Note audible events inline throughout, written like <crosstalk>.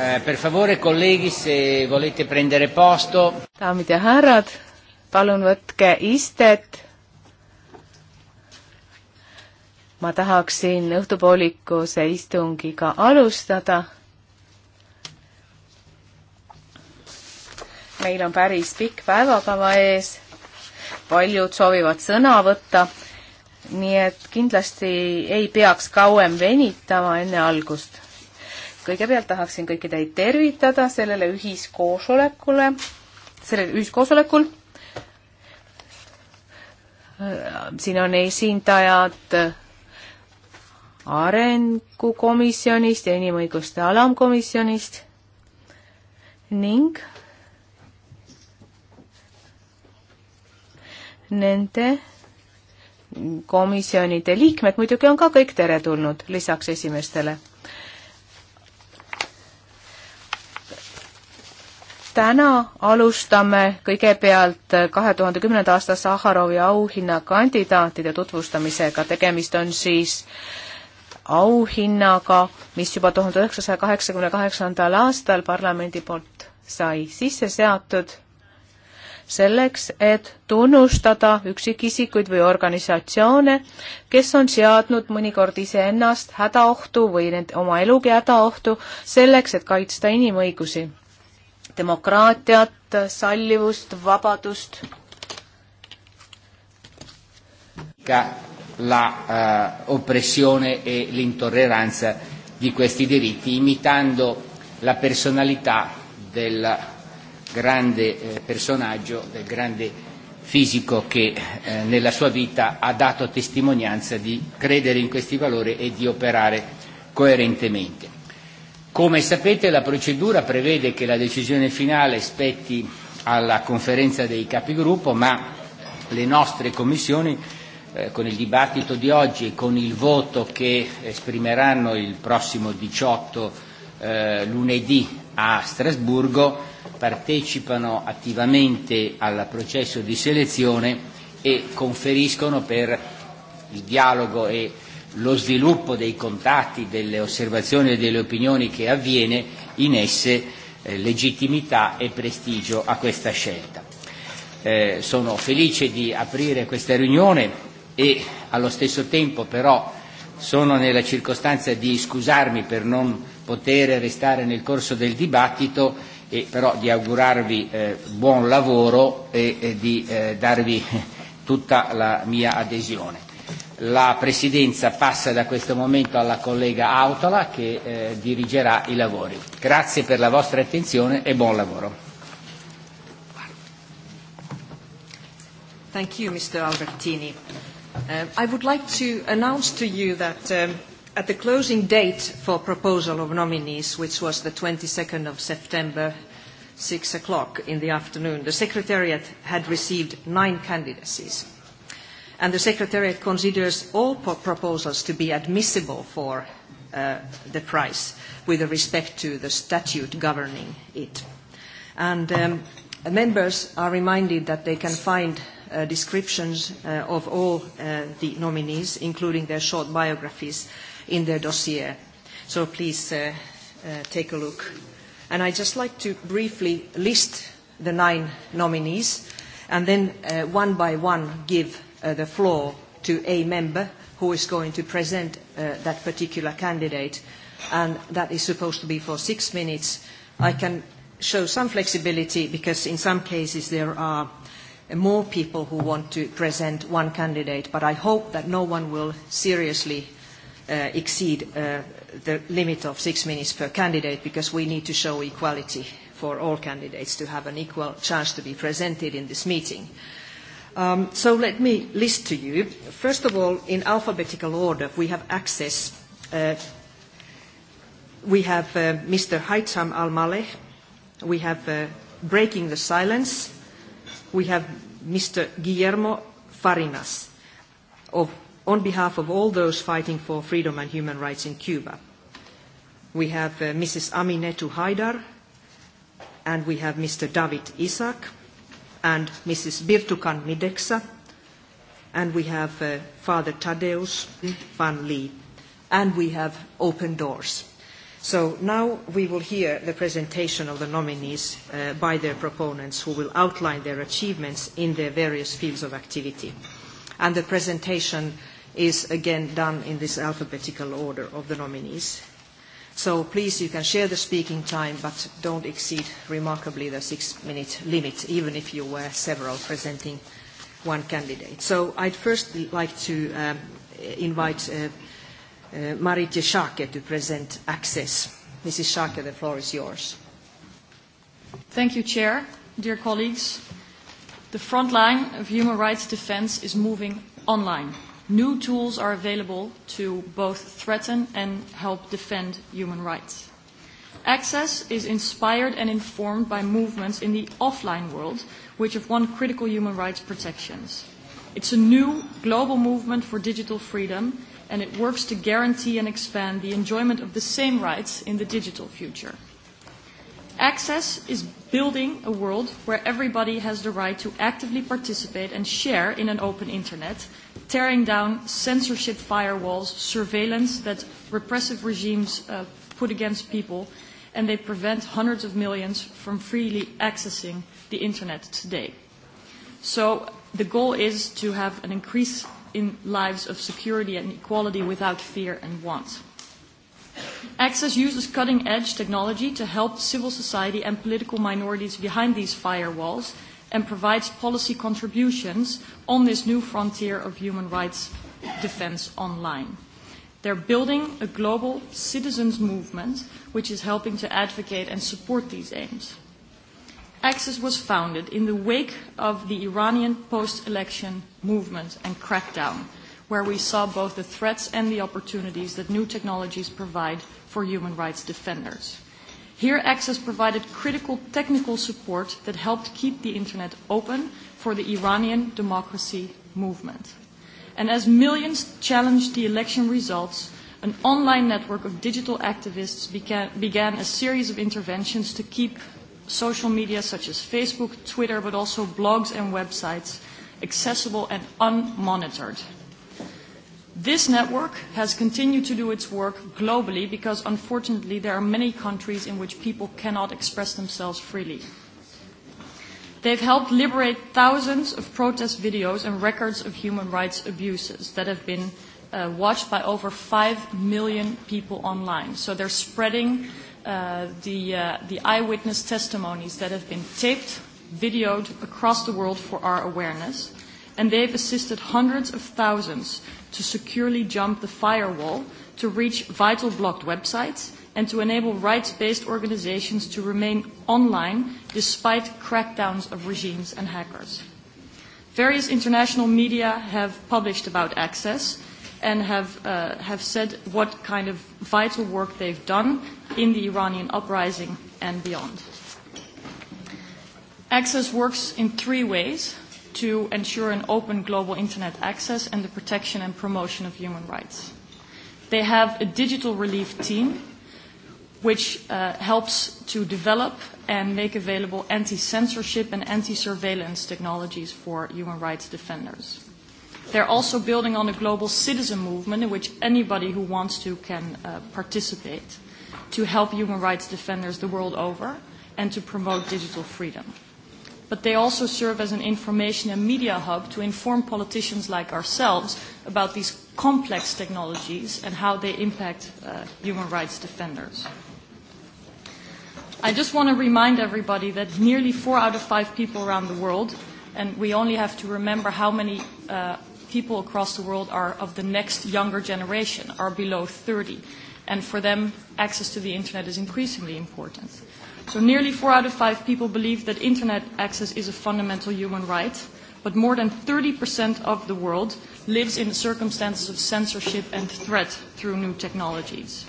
Eh, per favore, colleghi, se volete prendere posto. daamid ja härrad, palun võtke istet. ma tahaksin õhtupoolikuse istungiga alustada. meil on päris pikk päevakava ees, paljud soovivad sõna võtta, nii et kindlasti ei peaks kauem venitama enne algust kõigepealt tahaksin kõiki teid tervitada sellele ühiskoosolekule, sellel ühiskoosolekul. siin on esindajad arengukomisjonist ja inimõiguste alamkomisjonist ning nende komisjonide liikmed muidugi on ka kõik teretulnud lisaks esimestele täna alustame kõigepealt kahe tuhande kümnenda aasta Saharovi auhinna kandidaatide tutvustamisega, tegemist on siis auhinnaga, mis juba tuhande üheksasaja kaheksakümne kaheksandal aastal parlamendi poolt sai sisse seatud selleks, et tunnustada üksikisikuid või organisatsioone, kes on seadnud mõnikord iseennast hädaohtu või nende oma elugi hädaohtu selleks, et kaitsta inimõigusi demokraatiat, sallivust, vabadust. la uh, oppressione e l'intolleranza di questi diritti, imitando la personalità del grande eh, personaggio, del grande fisico che eh, nella sua vita ha dato testimonianza di credere in questi valori e di operare coerentemente. Come sapete la procedura prevede che la decisione finale spetti alla conferenza dei capigruppo, ma le nostre commissioni eh, con il dibattito di oggi e con il voto che esprimeranno il prossimo 18 eh, lunedì a Strasburgo partecipano attivamente al processo di selezione e conferiscono per il dialogo e lo sviluppo dei contatti, delle osservazioni e delle opinioni che avviene in esse eh, legittimità e prestigio a questa scelta. Eh, sono felice di aprire questa riunione e allo stesso tempo però sono nella circostanza di scusarmi per non poter restare nel corso del dibattito e però di augurarvi eh, buon lavoro e, e di eh, darvi <laughs> tutta la mia adesione. La presidenza passa da questo momento alla collega Autola che eh, dirigerà i lavori. Grazie per la vostra attenzione e buon lavoro. Thank you, Mr. Albertini. Uh, I would like to announce to you that um, at the closing date for proposal of nominees, which was the 22nd of September, 6 o'clock in the afternoon, the Secretariat had received nine candidacies and the Secretariat considers all proposals to be admissible for uh, the price with respect to the statute governing it. And um, members are reminded that they can find uh, descriptions uh, of all uh, the nominees, including their short biographies, in their dossier. So please uh, uh, take a look. And I'd just like to briefly list the nine nominees and then uh, one by one give uh, the floor to a member who is going to present uh, that particular candidate, and that is supposed to be for six minutes. I can show some flexibility because in some cases there are more people who want to present one candidate, but I hope that no one will seriously uh, exceed uh, the limit of six minutes per candidate because we need to show equality for all candidates to have an equal chance to be presented in this meeting. Uh, Um, so let me list to you. First of all, in alphabetical order, we have access. Uh, we have uh, Mr. Haitham Al-Maleh. We have uh, Breaking the Silence. We have Mr. Guillermo Farinas of, on behalf of all those fighting for freedom and human rights in Cuba. We have uh, Mrs. Aminetu Haidar, and we have Mr. David Isaac and Mrs. Birtukan Mideksa, and we have uh, Father Tadeusz van Lee, and we have Open Doors. So now we will hear the presentation of the nominees uh, by their proponents who will outline their achievements in their various fields of activity. And the presentation is again done in this alphabetical order of the nominees. So please, you can share the speaking time, but don't exceed remarkably the six-minute limit, even if you were several presenting one candidate. So I'd first like to um, invite uh, uh, Maritje Schaake to present Access. Mrs. Schaake, the floor is yours. Thank you, Chair. Dear colleagues, the front line of human rights defense is moving online new tools are available to both threaten and help defend human rights. Access is inspired and informed by movements in the offline world, which have won critical human rights protections. It's a new global movement for digital freedom, and it works to guarantee and expand the enjoyment of the same rights in the digital future. Access is building a world where everybody has the right to actively participate and share in an open internet, tearing down censorship firewalls, surveillance that repressive regimes uh, put against people, and they prevent hundreds of millions from freely accessing the internet today. So the goal is to have an increase in lives of security and equality without fear and want. Access uses cutting edge technology to help civil society and political minorities behind these firewalls and provides policy contributions on this new frontier of human rights defense online. They're building a global citizens movement which is helping to advocate and support these aims. Access was founded in the wake of the Iranian post-election movement and crackdown where we saw both the threats and the opportunities that new technologies provide for human rights defenders. Here, Access provided critical technical support that helped keep the Internet open for the Iranian democracy movement. And as millions challenged the election results, an online network of digital activists began, began a series of interventions to keep social media such as Facebook, Twitter, but also blogs and websites accessible and unmonitored. This network has continued to do its work globally because, unfortunately, there are many countries in which people cannot express themselves freely. They've helped liberate thousands of protest videos and records of human rights abuses that have been uh, watched by over 5 million people online. So they're spreading uh, the, uh, the eyewitness testimonies that have been taped, videoed across the world for our awareness and they've assisted hundreds of thousands to securely jump the firewall to reach vital blocked websites and to enable rights-based organizations to remain online despite crackdowns of regimes and hackers. Various international media have published about access and have, uh, have said what kind of vital work they've done in the Iranian uprising and beyond. Access works in three ways to ensure an open global internet access and the protection and promotion of human rights. They have a digital relief team which uh, helps to develop and make available anti-censorship and anti-surveillance technologies for human rights defenders. They're also building on a global citizen movement in which anybody who wants to can uh, participate to help human rights defenders the world over and to promote digital freedom but they also serve as an information and media hub to inform politicians like ourselves about these complex technologies and how they impact uh, human rights defenders. I just want to remind everybody that nearly four out of five people around the world, and we only have to remember how many uh, people across the world are of the next younger generation, are below 30. And for them, access to the internet is increasingly important. So nearly four out of five people believe that internet access is a fundamental human right, but more than 30% of the world lives in circumstances of censorship and threat through new technologies.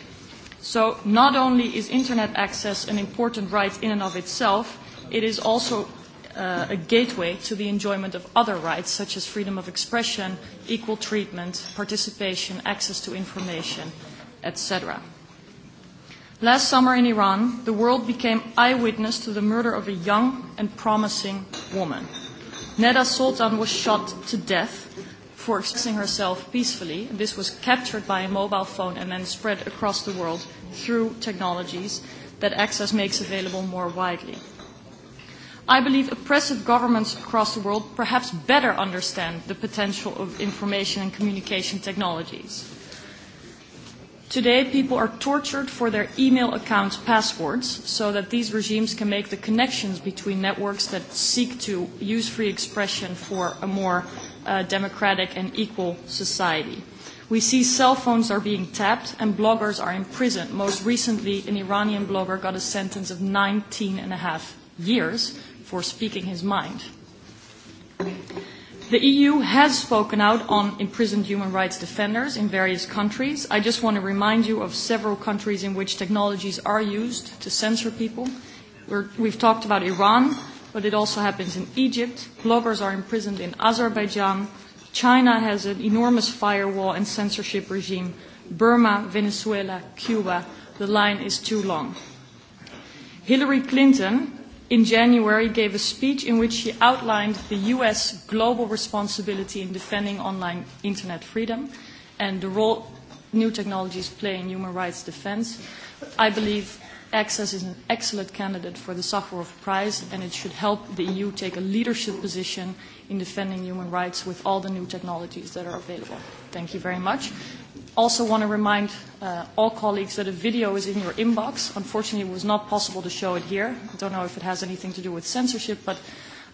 So not only is internet access an important right in and of itself, it is also uh, a gateway to the enjoyment of other rights, such as freedom of expression, equal treatment, participation, access to information, etc. Last summer in Iran, the world became eyewitness to the murder of a young and promising woman. Neda Soltan was shot to death for expressing herself peacefully. This was captured by a mobile phone and then spread across the world through technologies that Access makes available more widely. I believe oppressive governments across the world perhaps better understand the potential of information and communication technologies. Today, people are tortured for their email account passwords so that these regimes can make the connections between networks that seek to use free expression for a more uh, democratic and equal society. We see cell phones are being tapped and bloggers are imprisoned. Most recently, an Iranian blogger got a sentence of 19 and a half years for speaking his mind. The EU has spoken out on imprisoned human rights defenders in various countries. I just want to remind you of several countries in which technologies are used to censor people. We're, we've talked about Iran, but it also happens in Egypt. Bloggers are imprisoned in Azerbaijan. China has an enormous firewall and censorship regime. Burma, Venezuela, Cuba, the line is too long. Hillary Clinton in January gave a speech in which she outlined the US global responsibility in defending online internet freedom and the role new technologies play in human rights defense. I believe Access is an excellent candidate for the Sakharov Prize, and it should help the EU take a leadership position in defending human rights with all the new technologies that are available. Thank you very much. Also want to remind uh, all colleagues that a video is in your inbox. Unfortunately, it was not possible to show it here. I don't know if it has anything to do with censorship, but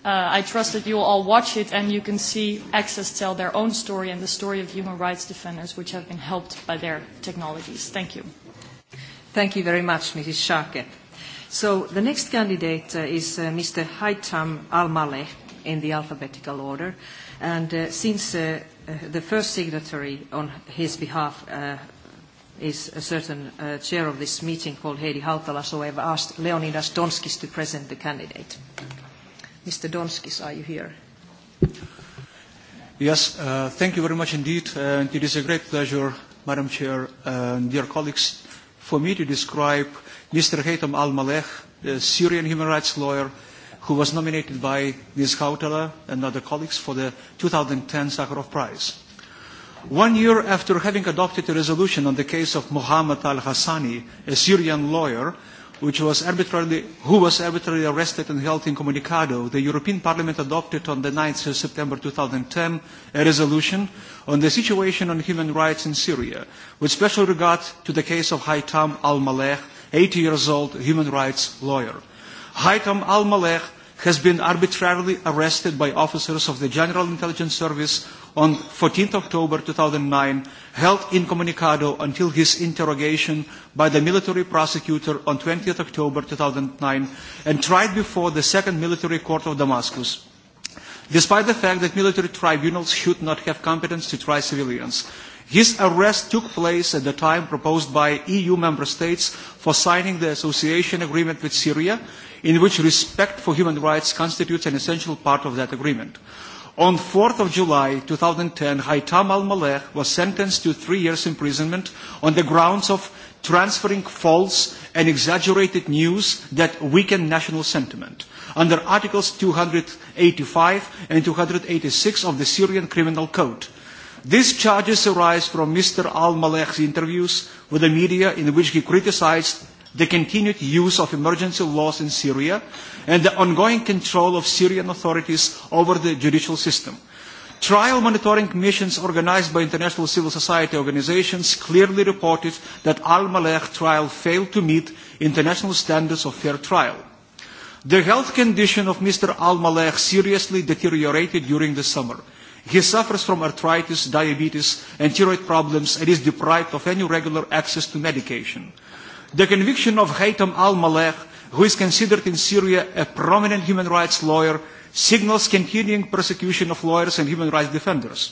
uh, I trust that you'll all watch it and you can see Access tell their own story and the story of human rights defenders which have been helped by their technologies. Thank you. Thank you very much, Mrs. Schake. So the next candidate uh, is uh, Mr. Haitam Al-Maleh in the alphabetical order. And uh, since uh, uh, the first signatory on his behalf uh, is a certain uh, chair of this meeting called Heidi Hautala, so I've asked Leonidas Donskis to present the candidate. Mr. Donskis, are you here? Yes, uh, thank you very much indeed. And it is a great pleasure, Madam Chair, and uh, dear colleagues, for me to describe Mr. Haytham al-Malek, the Syrian human rights lawyer, who was nominated by Ms. Kautala and other colleagues for the 2010 Sakharov Prize. One year after having adopted a resolution on the case of Mohammed al-Hassani, a Syrian lawyer which was arbitrarily, who was arbitrarily arrested and held incommunicado. The European Parliament adopted on the 9th of September 2010 a resolution on the situation on human rights in Syria, with special regard to the case of Haitham al-Malek, 80 years old human rights lawyer. Haitham al-Malek has been arbitrarily arrested by officers of the General Intelligence Service on 14th October 2009, held incommunicado until his interrogation by the military prosecutor on 20th October 2009 and tried before the Second Military Court of Damascus. Despite the fact that military tribunals should not have competence to try civilians, His arrest took place at the time proposed by EU member states for signing the association agreement with Syria, in which respect for human rights constitutes an essential part of that agreement. On 4th of July 2010, Haitham al-Malek was sentenced to three years imprisonment on the grounds of transferring false and exaggerated news that weaken national sentiment under Articles 285 and 286 of the Syrian Criminal Code. These charges arise from Mr. al-Malek's interviews with the media in which he criticized the continued use of emergency laws in Syria, and the ongoing control of Syrian authorities over the judicial system. Trial monitoring missions organized by international civil society organizations clearly reported that Al-Malek trial failed to meet international standards of fair trial. The health condition of Mr. Al-Malek seriously deteriorated during the summer. He suffers from arthritis, diabetes, and thyroid problems and is deprived of any regular access to medication. The conviction of Haytham al-Malek, who is considered in Syria a prominent human rights lawyer, signals continuing persecution of lawyers and human rights defenders.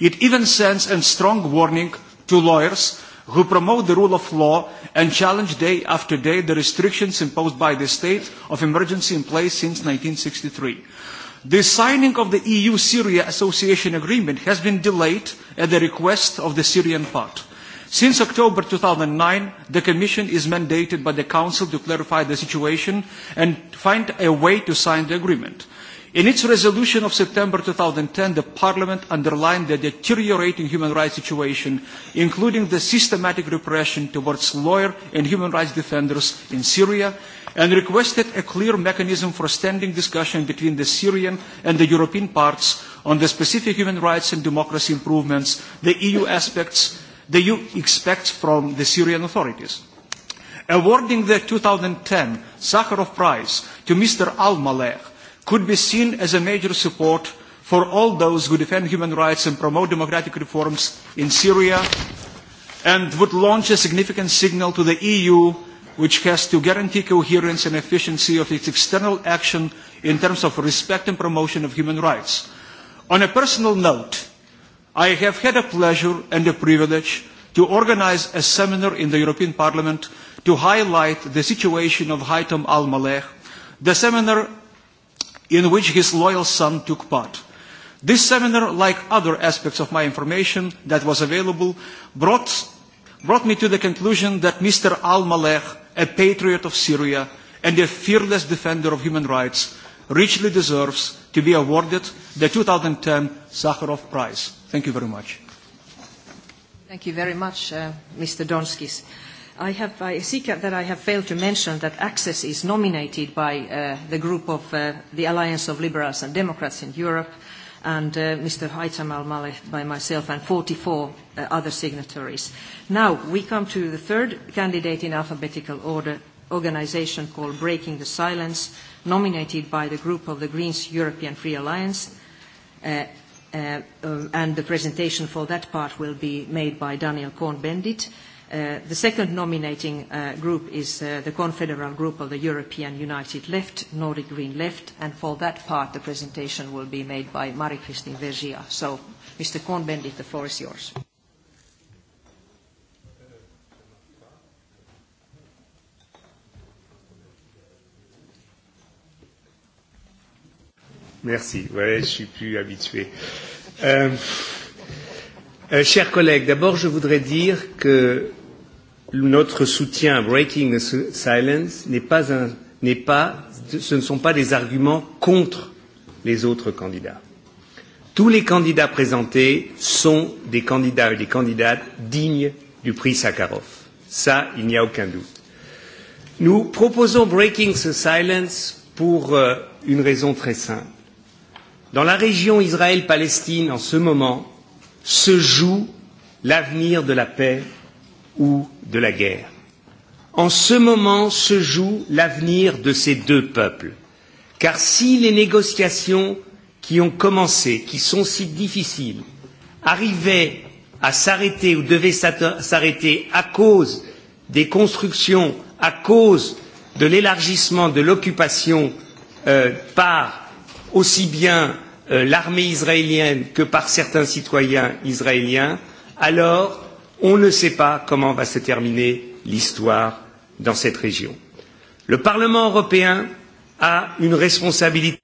It even sends a strong warning to lawyers who promote the rule of law and challenge day after day the restrictions imposed by the state of emergency in place since 1963. The signing of the EU-Syria Association Agreement has been delayed at the request of the Syrian part. Since October 2009, the Commission is mandated by the Council to clarify the situation and find a way to sign the agreement. In its resolution of September 2010, the Parliament underlined the deteriorating human rights situation, including the systematic repression towards lawyer and human rights defenders in Syria, and requested a clear mechanism for standing discussion between the Syrian and the European parts on the specific human rights and democracy improvements, the EU aspects, that you expect from the Syrian authorities. Awarding the 2010 Sakharov Prize to Mr. Al-Maleh could be seen as a major support for all those who defend human rights and promote democratic reforms in Syria and would launch a significant signal to the EU which has to guarantee coherence and efficiency of its external action in terms of respect and promotion of human rights. On a personal note, I have had a pleasure and a privilege to organize a seminar in the European Parliament to highlight the situation of Haitham al-Malek, the seminar in which his loyal son took part. This seminar, like other aspects of my information that was available, brought, brought me to the conclusion that Mr. al-Malek, a patriot of Syria and a fearless defender of human rights, richly deserves to be awarded the 2010 Sakharov Prize. Thank you very much. Thank you very much, uh, Mr. Donskis. I, have, I see that I have failed to mention that Access is nominated by uh, the group of uh, the Alliance of Liberals and Democrats in Europe and uh, Mr. Haitham Al-Maleh by myself and 44 uh, other signatories. Now we come to the third candidate in alphabetical order, organization called Breaking the Silence, nominated by the group of the Greens European Free Alliance. Uh, uh, um, and the presentation for that part will be made by Daniel Cohn-Bendit. Uh, the second nominating uh, group is uh, the confederal group of the European United Left, Nordic Green Left, and for that part the presentation will be made by Marie-Christine Vergia. So, Mr. Cohn-Bendit, the floor is yours. Merci. Ouais, je suis plus habitué. Euh, euh, chers collègues, d'abord, je voudrais dire que notre soutien à Breaking the Silence n'est pas un, n'est pas, ce ne sont pas des arguments contre les autres candidats. Tous les candidats présentés sont des candidats et des candidates dignes du prix Sakharov. Ça, il n'y a aucun doute. Nous proposons Breaking the Silence pour euh, une raison très simple Dans la région Israël-Palestine, en ce moment, se joue l'avenir de la paix ou de la guerre. En ce moment se joue l'avenir de ces deux peuples. Car si les négociations qui ont commencé, qui sont si difficiles, arrivaient à s'arrêter ou devaient s'arrêter à cause des constructions, à cause de l'élargissement de l'occupation euh, par aussi bien euh, l'armée israélienne que par certains citoyens israéliens, alors on ne sait pas comment va se terminer l'histoire dans cette région. Le Parlement européen a une responsabilité.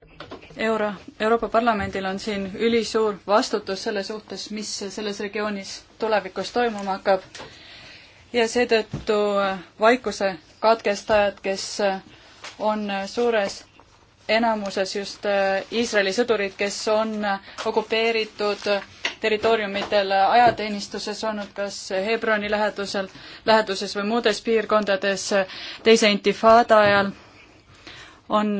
Euro, Euroopa Parlamendil on siin ülisuur vastutus selle suhtes, mis selles regioonis tulevikus toimuma hakkab. ja seetõttu vaikuse katkestajad, kes on suures enamuses just äh, Iisraeli sõdurid, kes on äh, okupeeritud territooriumitel äh, ajateenistuses olnud, kas Hebroni lähedusel, läheduses või muudes piirkondades teise intifada ajal, on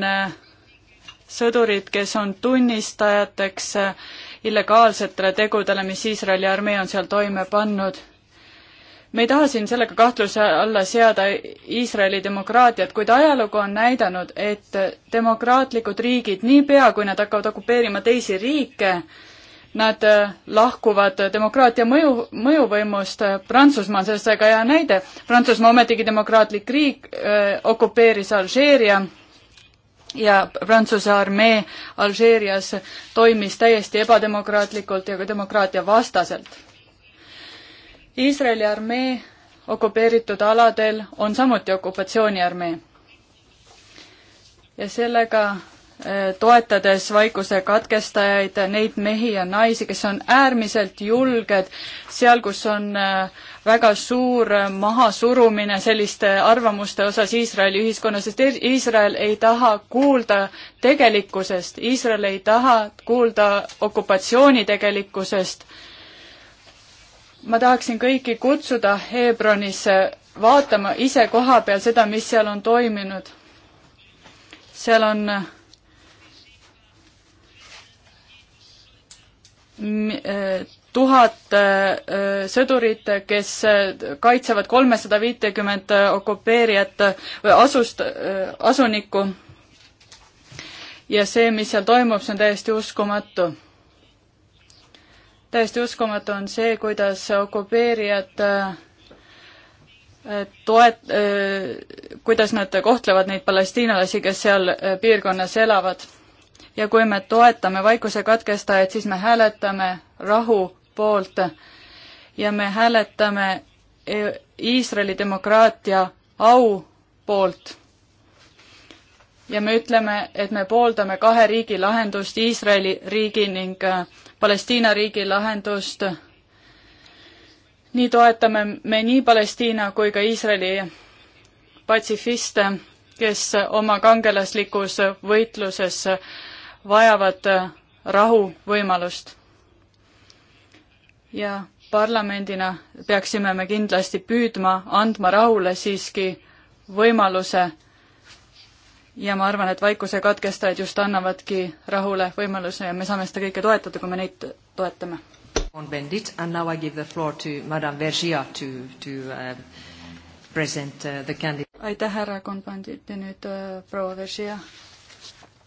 sõdurid, kes on tunnistajateks illegaalsetele tegudele, mis Iisraeli armee on seal toime pannud me ei taha siin sellega kahtluse alla seada Iisraeli demokraatiat, kuid ajalugu on näidanud, et demokraatlikud riigid, niipea kui nad hakkavad okupeerima teisi riike, nad äh, lahkuvad demokraatia mõju, mõjuvõimust äh, Prantsusmaal, sellest väga hea näide. Prantsusmaa ometigi demokraatlik riik öö, äh, okupeeris Alžeeria ja Prantsuse armee Alžeerias toimis täiesti ebademokraatlikult ja ka demokraatia vastaselt Iisraeli armee okupeeritud aladel on samuti okupatsiooniarmee. ja sellega eh, toetades vaikuse katkestajaid, neid mehi ja naisi, kes on äärmiselt julged seal, kus on eh, väga suur eh, mahasurumine selliste arvamuste osas Iisraeli ühiskonnas, sest Iisrael ei taha kuulda tegelikkusest, Iisrael ei taha kuulda okupatsiooni tegelikkusest ma tahaksin kõiki kutsuda Hebronisse vaatama ise koha peal seda, mis seal on toiminud. seal on tuhat äh, sõdurit, kes äh, kaitsevad kolmesada viitekümmet okupeerijat või asust, äh, asunikku. ja see, mis seal toimub, see on täiesti uskumatu täiesti uskumatu on see, kuidas okupeerijad äh, toet-, äh, kuidas nad kohtlevad neid palestiinlasi, kes seal äh, piirkonnas elavad. ja kui me toetame vaikuse katkestajaid, siis me hääletame rahu poolt ja me hääletame Iisraeli demokraatia au poolt. ja me ütleme, et me pooldame kahe riigi lahendust, Iisraeli riigi ning Palestiina riigi lahendust. nii toetame me nii Palestiina kui ka Iisraeli patsifiste, kes oma kangelaslikus võitluses vajavad rahu võimalust. ja parlamendina peaksime me kindlasti püüdma andma rahule siiski võimaluse ja ma arvan, et vaikuse katkestajad just annavadki rahule võimaluse ja me saame seda kõike toetada, kui me neid toetame. on Bendit and now I give the floor to madam Vergia to, to uh, present uh, the candidate. aitäh, härra Konbandit ja nüüd uh, proua Vergia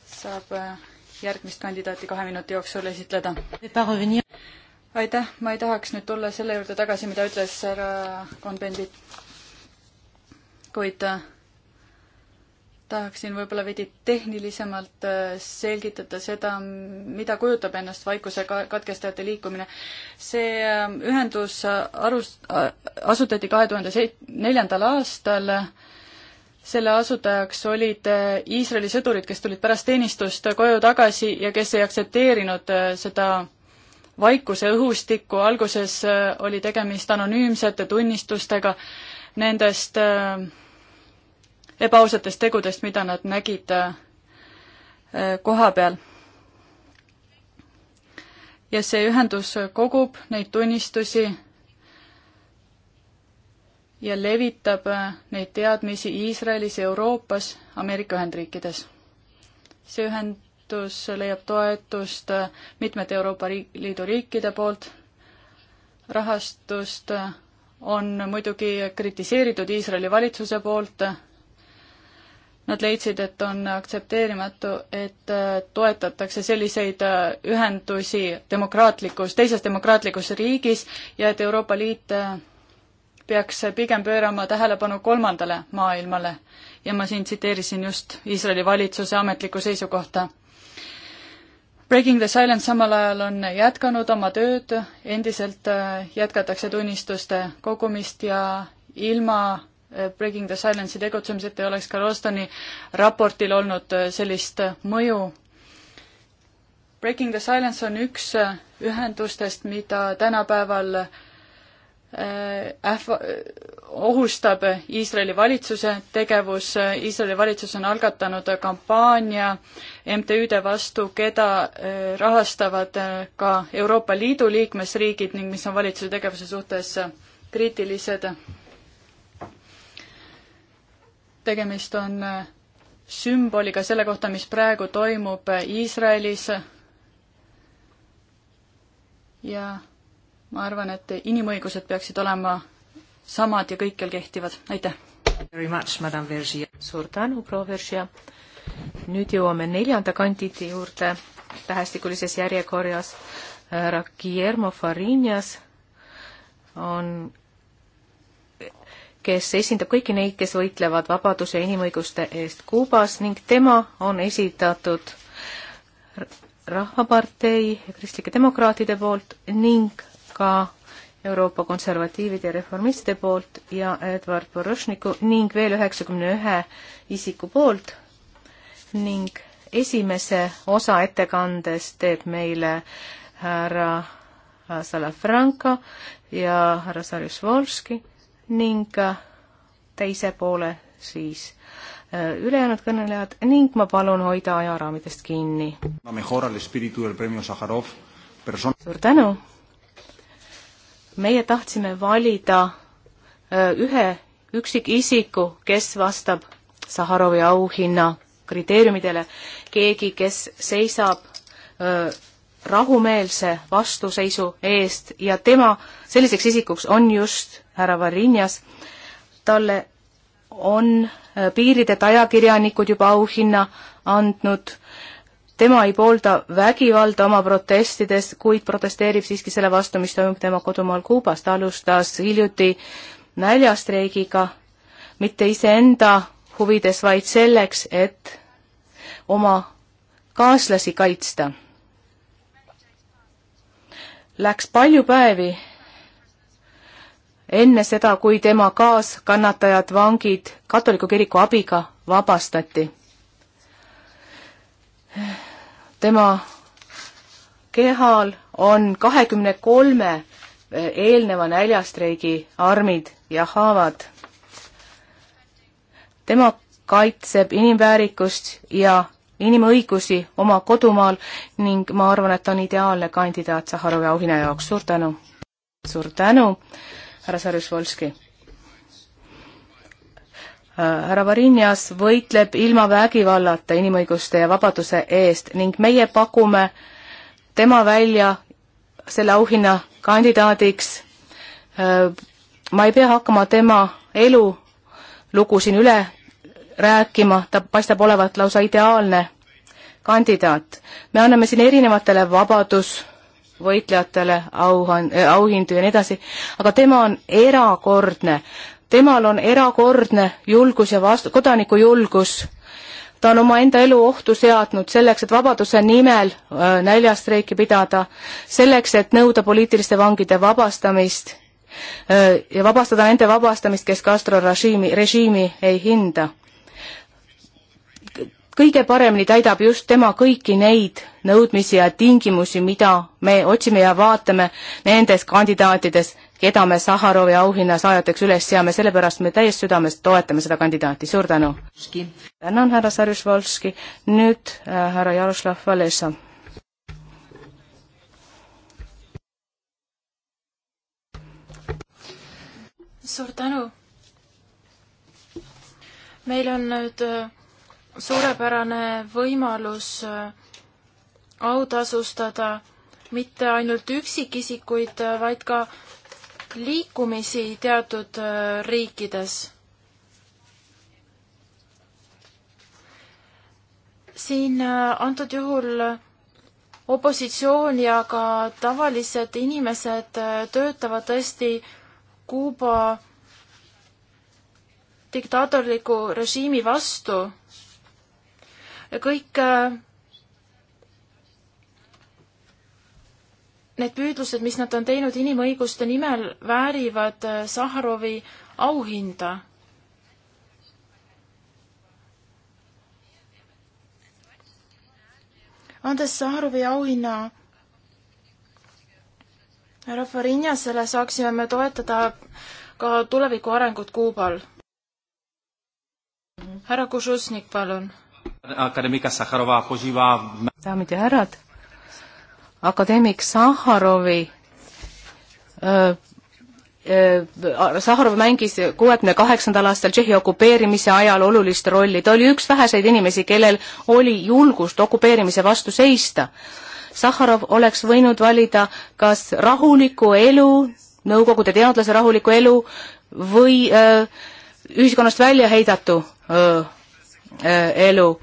saab uh, järgmist kandidaati kahe minuti jooksul esitleda. aitäh, ma ei tahaks nüüd tulla selle juurde tagasi, mida ütles härra Konbendit, kuid uh, tahaksin võib-olla veidi tehnilisemalt äh, selgitada seda, mida kujutab ennast vaikuse katkestajate liikumine. see ähm, ühendus äh, arus-, äh, asutati kahe tuhande seit-, neljandal aastal, selle asutajaks olid Iisraeli sõdurid, kes tulid pärast teenistust koju tagasi ja kes ei aktsepteerinud seda vaikuse õhustikku, alguses oli tegemist anonüümsete tunnistustega nendest äh, ebaausatest tegudest, mida nad nägid äh, koha peal. ja see ühendus kogub neid tunnistusi ja levitab äh, neid teadmisi Iisraelis, Euroopas, Ameerika Ühendriikides. see ühendus leiab toetust äh, mitmete Euroopa Liidu riikide poolt, rahastust on muidugi kritiseeritud Iisraeli valitsuse poolt, Nad leidsid, et on aktsepteerimatu, et äh, toetatakse selliseid äh, ühendusi demokraatlikus, teises demokraatlikus riigis ja et Euroopa Liit äh, peaks pigem pöörama tähelepanu kolmandale maailmale. ja ma siin tsiteerisin just Iisraeli valitsuse ametlikku seisukohta. Breaking the Silence samal ajal on jätkanud oma tööd, endiselt jätkatakse tunnistuste kogumist ja ilma Breaking the Silence'i tegutsemiseta ei oleks ka Rostoni raportil olnud äh, sellist äh, mõju. Breaking the Silence on üks äh, ühendustest, mida tänapäeval ähva-, ohustab Iisraeli valitsuse tegevus, Iisraeli valitsus on algatanud kampaania MTÜ-de vastu, keda rahastavad ka Euroopa Liidu liikmesriigid ning mis on valitsuse tegevuse suhtes kriitilised tegemist on äh, sümboliga selle kohta, mis praegu toimub äh, Iisraelis. ja ma arvan, et inimõigused peaksid olema samad ja kõikjal kehtivad, aitäh! suur tänu, proua Veržia! nüüd jõuame neljanda kandidaadi juurde tähestikulises järjekorras. härra Guillermo Farinas on kes esindab kõiki neid, kes võitlevad vabaduse ja inimõiguste eest Kuubas ning tema on esitatud Rahvapartei ja Kristlike Demokraatide poolt ning ka Euroopa konservatiivide ja reformistide poolt ja Edward Porošniku ning veel üheksakümne ühe isiku poolt ning esimese osa ettekandest teeb meile härra Salafranco ja härra Sarjus Volski ning äh, teise poole siis äh, ülejäänud kõnelejad ning ma palun hoida ajaraamidest kinni. suur tänu! meie tahtsime valida äh, ühe üksikisiku, kes vastab Saharovi auhinna kriteeriumidele, keegi, kes seisab rahumeelse vastuseisu eest ja tema äh, selliseks isikuks on just härra Varinjas, talle on äh, piirideta ajakirjanikud juba auhinna andnud, tema ei poolda vägivalda oma protestides, kuid protesteerib siiski selle vastu, mis toimub tema kodumaal Kuubas, ta alustas hiljuti näljastreigiga, mitte iseenda huvides, vaid selleks, et oma kaaslasi kaitsta. Läks palju päevi enne seda, kui tema kaaskannatajad, vangid katoliku kiriku abiga vabastati. tema kehal on kahekümne kolme eelneva näljastreigi armid ja haavad. tema kaitseb inimväärikust ja inimõigusi oma kodumaal ning ma arvan, et ta on ideaalne kandidaat Sahharovi auhinna jaoks, suur tänu! suur tänu! härra Sarjusvolski härra Varinjas võitleb ilma vägivallata inimõiguste ja vabaduse eest ning meie pakume tema välja selle auhinna kandidaadiks. Äh, ma ei pea hakkama tema elulugu siin üle rääkima, ta paistab olevat lausa ideaalne kandidaat. me anname siin erinevatele vabadus võitlejatele auhan- äh,, auhindu ja nii edasi, aga tema on erakordne. temal on erakordne julgus ja vastu-, kodanikujulgus. ta on omaenda elu ohtu seadnud selleks, et vabaduse nimel äh, näljastreiki pidada, selleks, et nõuda poliitiliste vangide vabastamist äh, ja vabastada nende vabastamist, kes Castro režiimi, režiimi ei hinda kõige paremini täidab just tema kõiki neid nõudmisi ja tingimusi, mida me otsime ja vaatame nendes kandidaatides, keda me Saharovi auhinna saajateks üles seame, sellepärast me täiest südamest toetame seda kandidaati, suur tänu! tänan, härra Sarjušvolski, nüüd äh, härra Jaroslav Valesa. suur tänu! meil on nüüd äh suurepärane võimalus äh, autasustada mitte ainult üksikisikuid, äh, vaid ka liikumisi teatud äh, riikides. siin antud juhul opositsioon ja ka tavalised inimesed töötavad tõesti Kuuba diktaatorliku režiimi vastu kõik äh, need püüdlused, mis nad on teinud inimõiguste nimel, väärivad äh, Sahharovi auhinda. andes Sahharovi auhinna rahva Rinjasele, saaksime me toetada ka tuleviku arengut Kuubal. härra Kušusnik, palun akadeemika Sahharova požívá... daamid ja härrad, akadeemik Sahharovi öö, Sahharov mängis kuuekümne kaheksandal aastal Tšehhi okupeerimise ajal olulist rolli. ta oli üks väheseid inimesi, kellel oli julgust okupeerimise vastu seista. Sahharov oleks võinud valida kas rahuliku elu, Nõukogude teadlase rahuliku elu või öö, ühiskonnast välja heidatu öö, Äh, elu,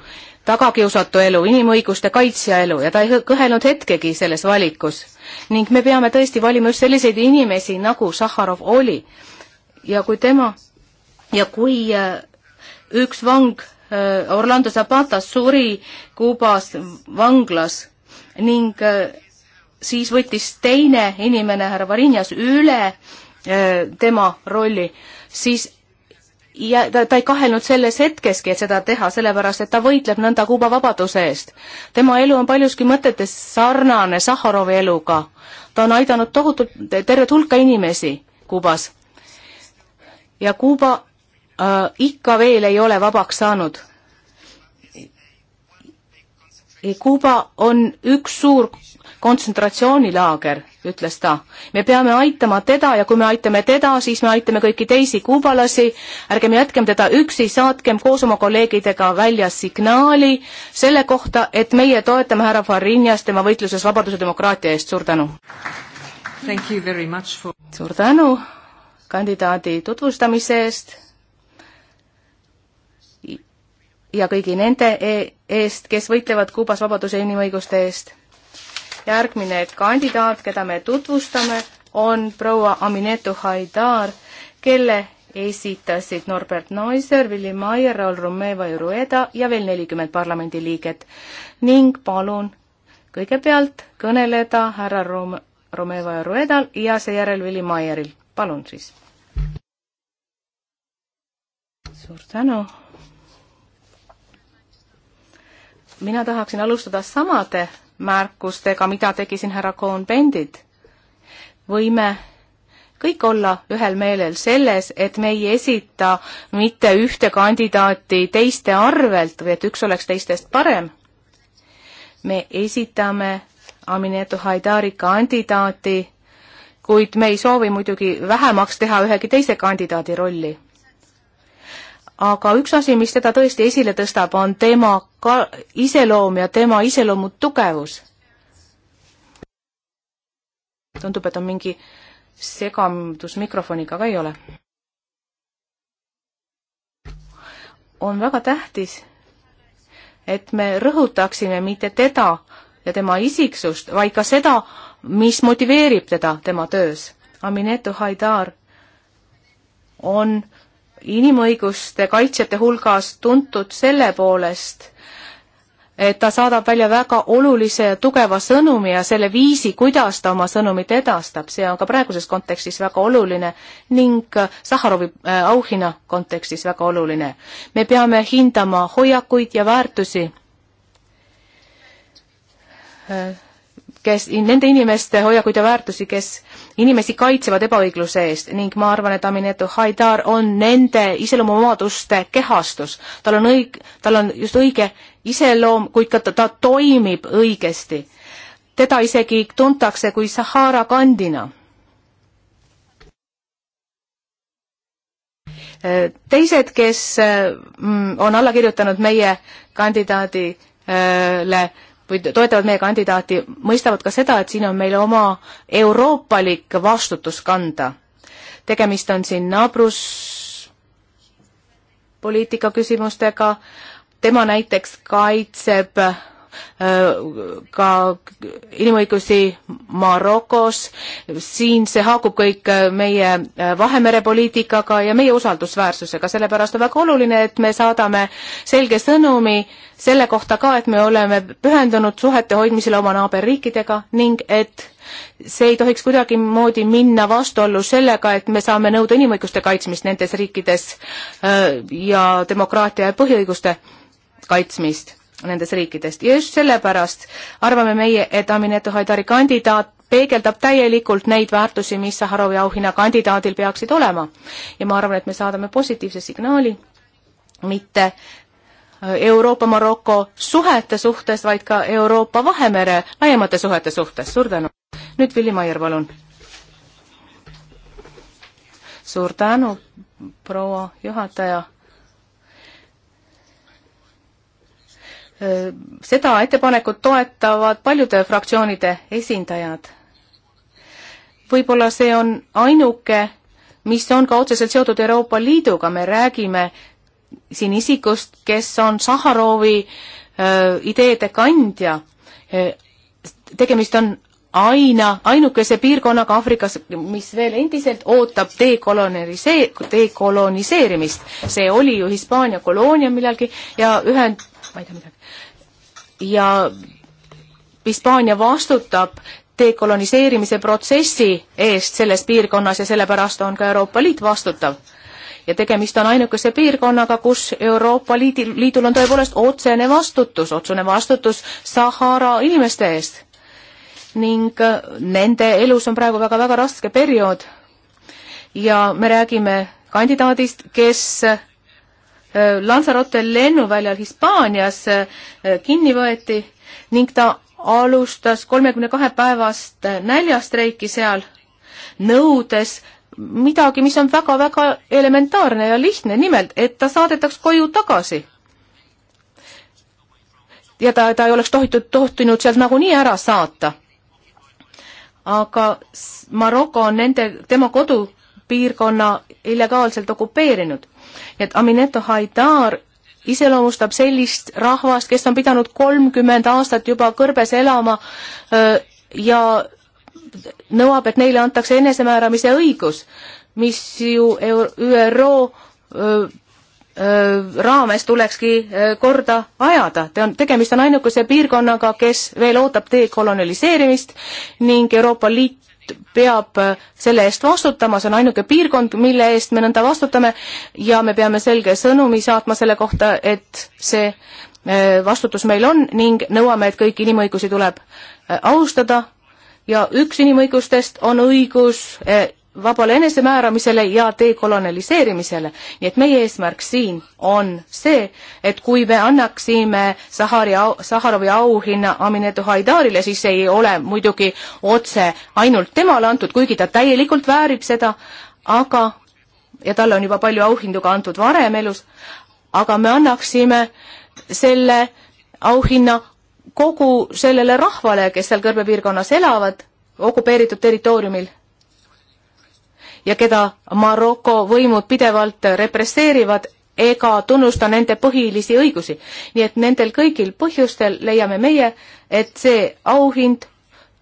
tagakiusatu elu, inimõiguste kaitsja elu ja ta ei kõhelnud hetkegi selles valikus. ning me peame tõesti valima just selliseid inimesi, nagu Sahharov oli. ja kui tema ja kui äh, üks vang äh, Orlando Zapata suri Kuubas vanglas ning siis võttis teine inimene, härra Varinjas, üle tema rolli, siis ja ta, ta ei kahelnud selles hetkeski, et seda teha, sellepärast et ta võitleb nõnda Kuuba vabaduse eest. tema elu on paljuski mõtetes sarnane Sahharovi eluga. ta on aidanud tohutult tervet hulka inimesi Kuubas. ja Kuuba äh, ikka veel ei ole vabaks saanud. Kuuba on üks suur kontsentratsioonilaager, ütles ta. me peame aitama teda ja kui me aitame teda, siis me aitame kõiki teisi kuubalasi, ärgem jätkem teda üksi, saatkem koos oma kolleegidega välja signaali selle kohta, et meie toetame härra Farinjas tema võitluses vabaduse demokraatia eest, suur tänu! For... suur tänu kandidaadi tutvustamise eest ja kõigi nende e eest, kes võitlevad Kuubas vabaduse ja inimõiguste eest järgmine kandidaat, keda me tutvustame, on proua Aminetu Haidar, kelle esitasid Norbert Noiser, Willie Maier, Raul Romeva ja Rueda ja veel nelikümmend parlamendiliiget. ning palun kõigepealt kõneleda härra Rom-, Romeva ja Ruedal ja seejärel Willie Maieril. palun siis. suur tänu. mina tahaksin alustada samade märkustega, mida tegi siin härra Cohn-Bendit, võime kõik olla ühel meelel selles, et me ei esita mitte ühte kandidaati teiste arvelt või et üks oleks teistest parem. me esitame Aminetu Haidari kandidaati, kuid me ei soovi muidugi vähemaks teha ühegi teise kandidaadi rolli aga üks asi, mis teda tõesti esile tõstab, on tema ka iseloom ja tema iseloomu tugevus. tundub, et on mingi segadus mikrofoniga, aga ei ole. on väga tähtis, et me rõhutaksime mitte teda ja tema isiksust, vaid ka seda, mis motiveerib teda tema töös. Aminetu Haidar on inimõiguste kaitsjate hulgas tuntud selle poolest, et ta saadab välja väga olulise ja tugeva sõnumi ja selle viisi, kuidas ta oma sõnumit edastab, see on ka praeguses kontekstis väga oluline ning Sahharovi äh, auhinna kontekstis väga oluline. me peame hindama hoiakuid ja väärtusi äh, kes, nende inimeste hoiakuid ja väärtusi, kes inimesi kaitsevad ebaõigluse eest ning ma arvan, et Aminetu Haidar on nende iseloomuomaduste kehastus. tal on õig-, tal on just õige iseloom, kuid ka ta, ta toimib õigesti. teda isegi tuntakse kui Sahara kandina. teised, kes mm, on alla kirjutanud meie kandidaadile või toetavad meie kandidaati, mõistavad ka seda, et siin on meil oma euroopalik vastutus kanda. tegemist on siin naabruspoliitika küsimustega, tema näiteks kaitseb Äh, ka inimõigusi Marokos, siin see haakub kõik äh, meie äh, Vahemere poliitikaga ja meie usaldusväärsusega, sellepärast on väga oluline, et me saadame selge sõnumi selle kohta ka, et me oleme pühendunud suhete hoidmisele oma naaberriikidega ning et see ei tohiks kuidagimoodi minna vastuollu sellega, et me saame nõuda inimõiguste kaitsmist nendes riikides ja demokraatia ja põhiõiguste kaitsmist nendest riikidest ja just sellepärast arvame meie, et Aminetu Haidari kandidaat peegeldab täielikult neid väärtusi, mis Saharovi auhinna kandidaadil peaksid olema. ja ma arvan, et me saadame positiivse signaali, mitte äh, Euroopa-Maroko suhete suhtes, vaid ka Euroopa-Vahemere laiemate suhete suhtes. suur tänu. nüüd Villi Maier, palun. suur tänu, proua juhataja Äh, seda ettepanekut toetavad paljude fraktsioonide esindajad. võib-olla see on ainuke, mis on ka otseselt seotud Euroopa Liiduga, me räägime siin isikust, kes on Saharovi äh, ideede kandja. Äh, tegemist on aina, ainukese piirkonnaga Aafrikas, mis veel endiselt ootab dekolonise-, dekoloniseerimist. see oli ju Hispaania koloonia millalgi ja ühend, ma ei tea midagi. ja Hispaania vastutab dekoloniseerimise protsessi eest selles piirkonnas ja sellepärast on ka Euroopa Liit vastutav ja tegemist on ainukese piirkonnaga, kus Euroopa Liidil, Liidul on tõepoolest otsene vastutus, otsene vastutus Sahara inimeste eest. ning äh, nende elus on praegu väga-väga raske periood. ja me räägime kandidaadist, kes äh, Lanzarote lennuväljal Hispaanias äh, kinni võeti ning ta alustas kolmekümne kahe päevast näljastreiki seal, nõudes midagi, mis on väga-väga elementaarne ja lihtne, nimelt, et ta saadetaks koju tagasi. ja ta, ta ei oleks tohitud, tohtinud sealt nagunii ära saata. aga Maroko on nende, tema kodupiirkonna illegaalselt okupeerinud et Amineto Haidar iseloomustab sellist rahvast, kes on pidanud kolmkümmend aastat juba kõrbes elama ja nõuab, et neile antakse enesemääramise õigus, mis ju ÜRO raames tulekski korda ajada. ta on, tegemist on ainukese piirkonnaga, kes veel ootab dekoloniseerimist ning Euroopa Liit peab äh, selle eest vastutama, see on ainuke piirkond, mille eest me nõnda vastutame ja me peame selge sõnumi saatma selle kohta, et see äh, vastutus meil on ning nõuame, et kõiki inimõigusi tuleb äh, austada ja üks inimõigustest on õigus vabale enesemääramisele ja dekoloniseerimisele. nii et meie eesmärk siin on see, et kui me annaksime Sahari au,, Saharovi auhinna Aminetu Haidarile, siis see ei ole muidugi otse ainult temale antud, kuigi ta täielikult väärib seda, aga, ja talle on juba palju auhindu ka antud varem elus, aga me annaksime selle auhinna kogu sellele rahvale, kes seal kõrbepiirkonnas elavad, okupeeritud territooriumil ja keda Maroko võimud pidevalt represseerivad ega tunnusta nende põhilisi õigusi. nii et nendel kõigil põhjustel leiame meie, et see auhind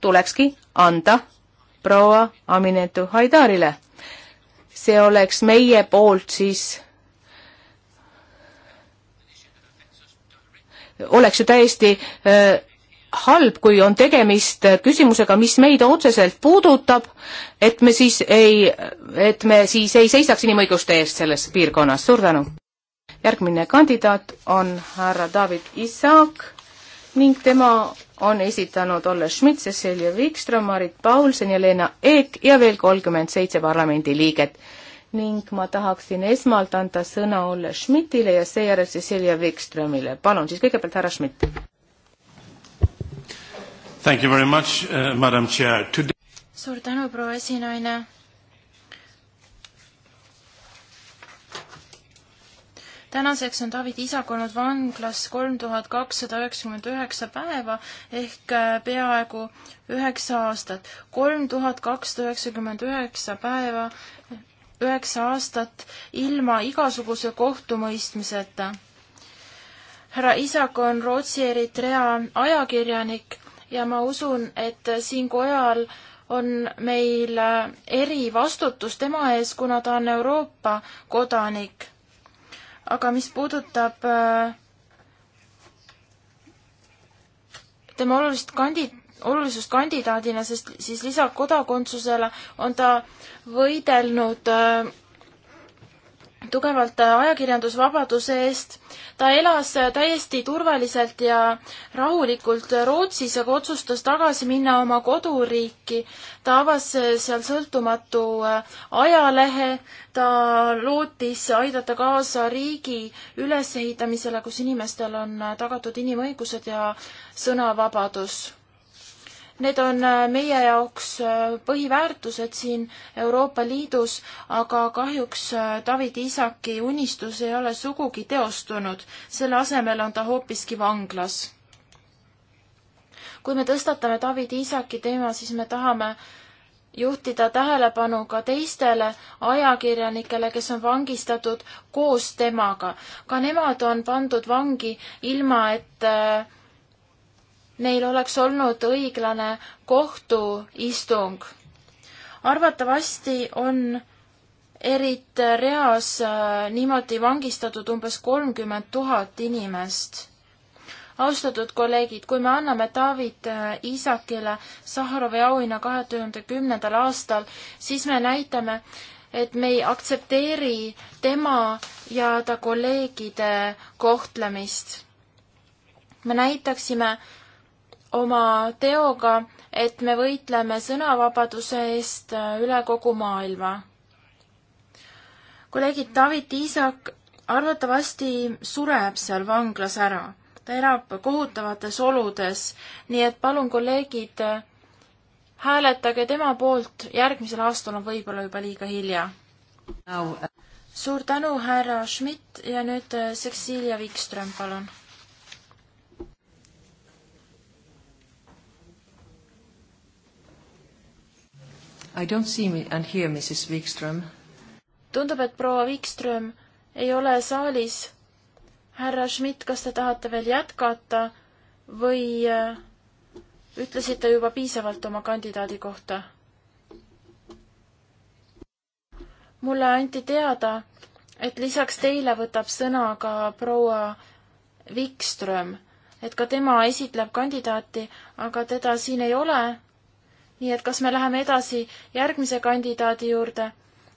tulekski anda proua Aminetu Haidarile. see oleks meie poolt siis oleks ju täiesti öö, äh, halb, kui on tegemist küsimusega, mis meid otseselt puudutab, et me siis ei, et me siis ei seisaks inimõiguste eest selles piirkonnas. suur tänu! järgmine kandidaat on härra David Isak ning tema on esitanud Olle Schmidt, Cecilia Wikström, Marit Paulsen ja Leena Eek ja veel kolmkümmend seitse parlamendiliiget. ning ma tahaksin esmalt anda sõna Olle Schmidtile ja seejärel Cecilia Wikströmile. palun siis kõigepealt härra Schmidt Thank you very much uh,, madam chair Today.... suur tänu, proua esinaine. tänaseks on David isak olnud vanglas kolm tuhat kakssada üheksakümmend üheksa päeva ehk äh, peaaegu üheksa aastat. kolm tuhat kakssada üheksakümmend üheksa päeva, üheksa aastat ilma igasuguse kohtumõistmiseta. härra Isak on Rootsi-Eritrea ajakirjanik ja ma usun, et siin kojal on meil erivastutus tema ees, kuna ta on Euroopa kodanik. aga mis puudutab äh, tema olulist kandi-, olulisust kandidaadina, sest siis lisaks kodakondsusele on ta võidelnud äh, tugevalt ajakirjandusvabaduse eest. ta elas täiesti turvaliselt ja rahulikult Rootsis, aga otsustas tagasi minna oma koduriiki. ta avas seal sõltumatu äh, ajalehe, ta lootis aidata kaasa riigi ülesehitamisele, kus inimestel on äh, tagatud inimõigused ja sõnavabadus Need on äh, meie jaoks äh, põhiväärtused siin Euroopa Liidus, aga kahjuks äh, David Isaki unistus ei ole sugugi teostunud, selle asemel on ta hoopiski vanglas. kui me tõstatame David Isaki teema, siis me tahame juhtida tähelepanu ka teistele ajakirjanikele, kes on vangistatud koos temaga. ka nemad on pandud vangi ilma, et äh, neil oleks olnud õiglane kohtuistung. arvatavasti on eriti reas äh, niimoodi vangistatud umbes kolmkümmend tuhat inimest. austatud kolleegid, kui me anname David Iisakile äh, Sahharovi auhinna kahe tuhande kümnendal aastal, siis me näitame, et me ei aktsepteeri tema ja ta kolleegide kohtlemist. me näitaksime oma teoga, et me võitleme sõnavabaduse eest äh, üle kogu maailma. kolleegid David Iisak arvatavasti sureb seal vanglas ära, ta elab kohutavates oludes, nii et palun, kolleegid, äh, hääletage tema poolt, järgmisel aastal on võib-olla juba liiga hilja no.. suur tänu, härra Schmidt ja nüüd äh, Cecilia Wikström, palun I don't see me and hear Mrs Wikström. tundub, et proua Wikström ei ole saalis. härra Schmidt, kas te tahate veel jätkata või äh, ütlesite juba piisavalt oma kandidaadi kohta? mulle anti teada, et lisaks teile võtab sõna ka proua Wikström, et ka tema esitleb kandidaati, aga teda siin ei ole nii et kas me läheme edasi järgmise kandidaadi juurde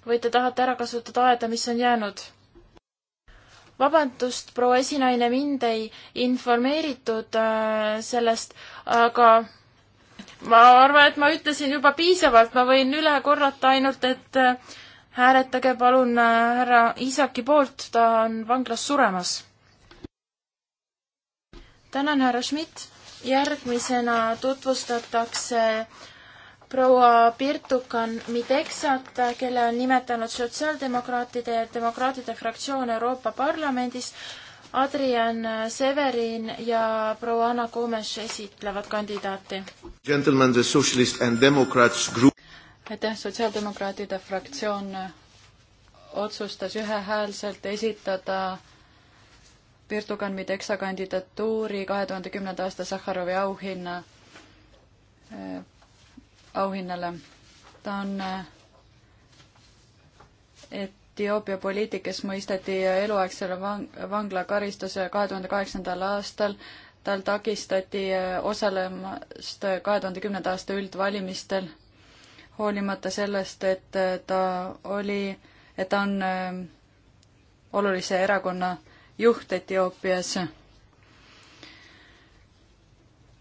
või te tahate ära kasutada aeda, mis on jäänud? vabandust, proua esinaine, mind ei informeeritud äh, sellest, aga ma arvan, et ma ütlesin juba piisavalt, ma võin üle korrata ainult, et äh, hääletage palun äh, härra äh, Iisaki poolt, ta on vanglas suremas. tänan, härra Schmidt. järgmisena tutvustatakse äh, proua Pirtukan Mideksat, kelle on nimetanud sotsiaaldemokraatide ja demokraatide fraktsioon Euroopa Parlamendis. Adrian Severin ja proua Anna Komes esitlevad kandidaati. aitäh, sotsiaaldemokraatide fraktsioon otsustas ühehäälselt esitada Pirtukan Mideksa kandidatuuri kahe tuhande kümnenda aasta Sahharovi auhinna auhinnale. ta on äh, Etioopia poliitik, kes mõisteti eluaegsele vang-, vanglakaristuse kahe tuhande kaheksandal aastal. tal takistati äh, osalemast äh, kahe tuhande kümnenda aasta üldvalimistel, hoolimata sellest, et ta oli, et ta on olulise erakonna juht Etioopias.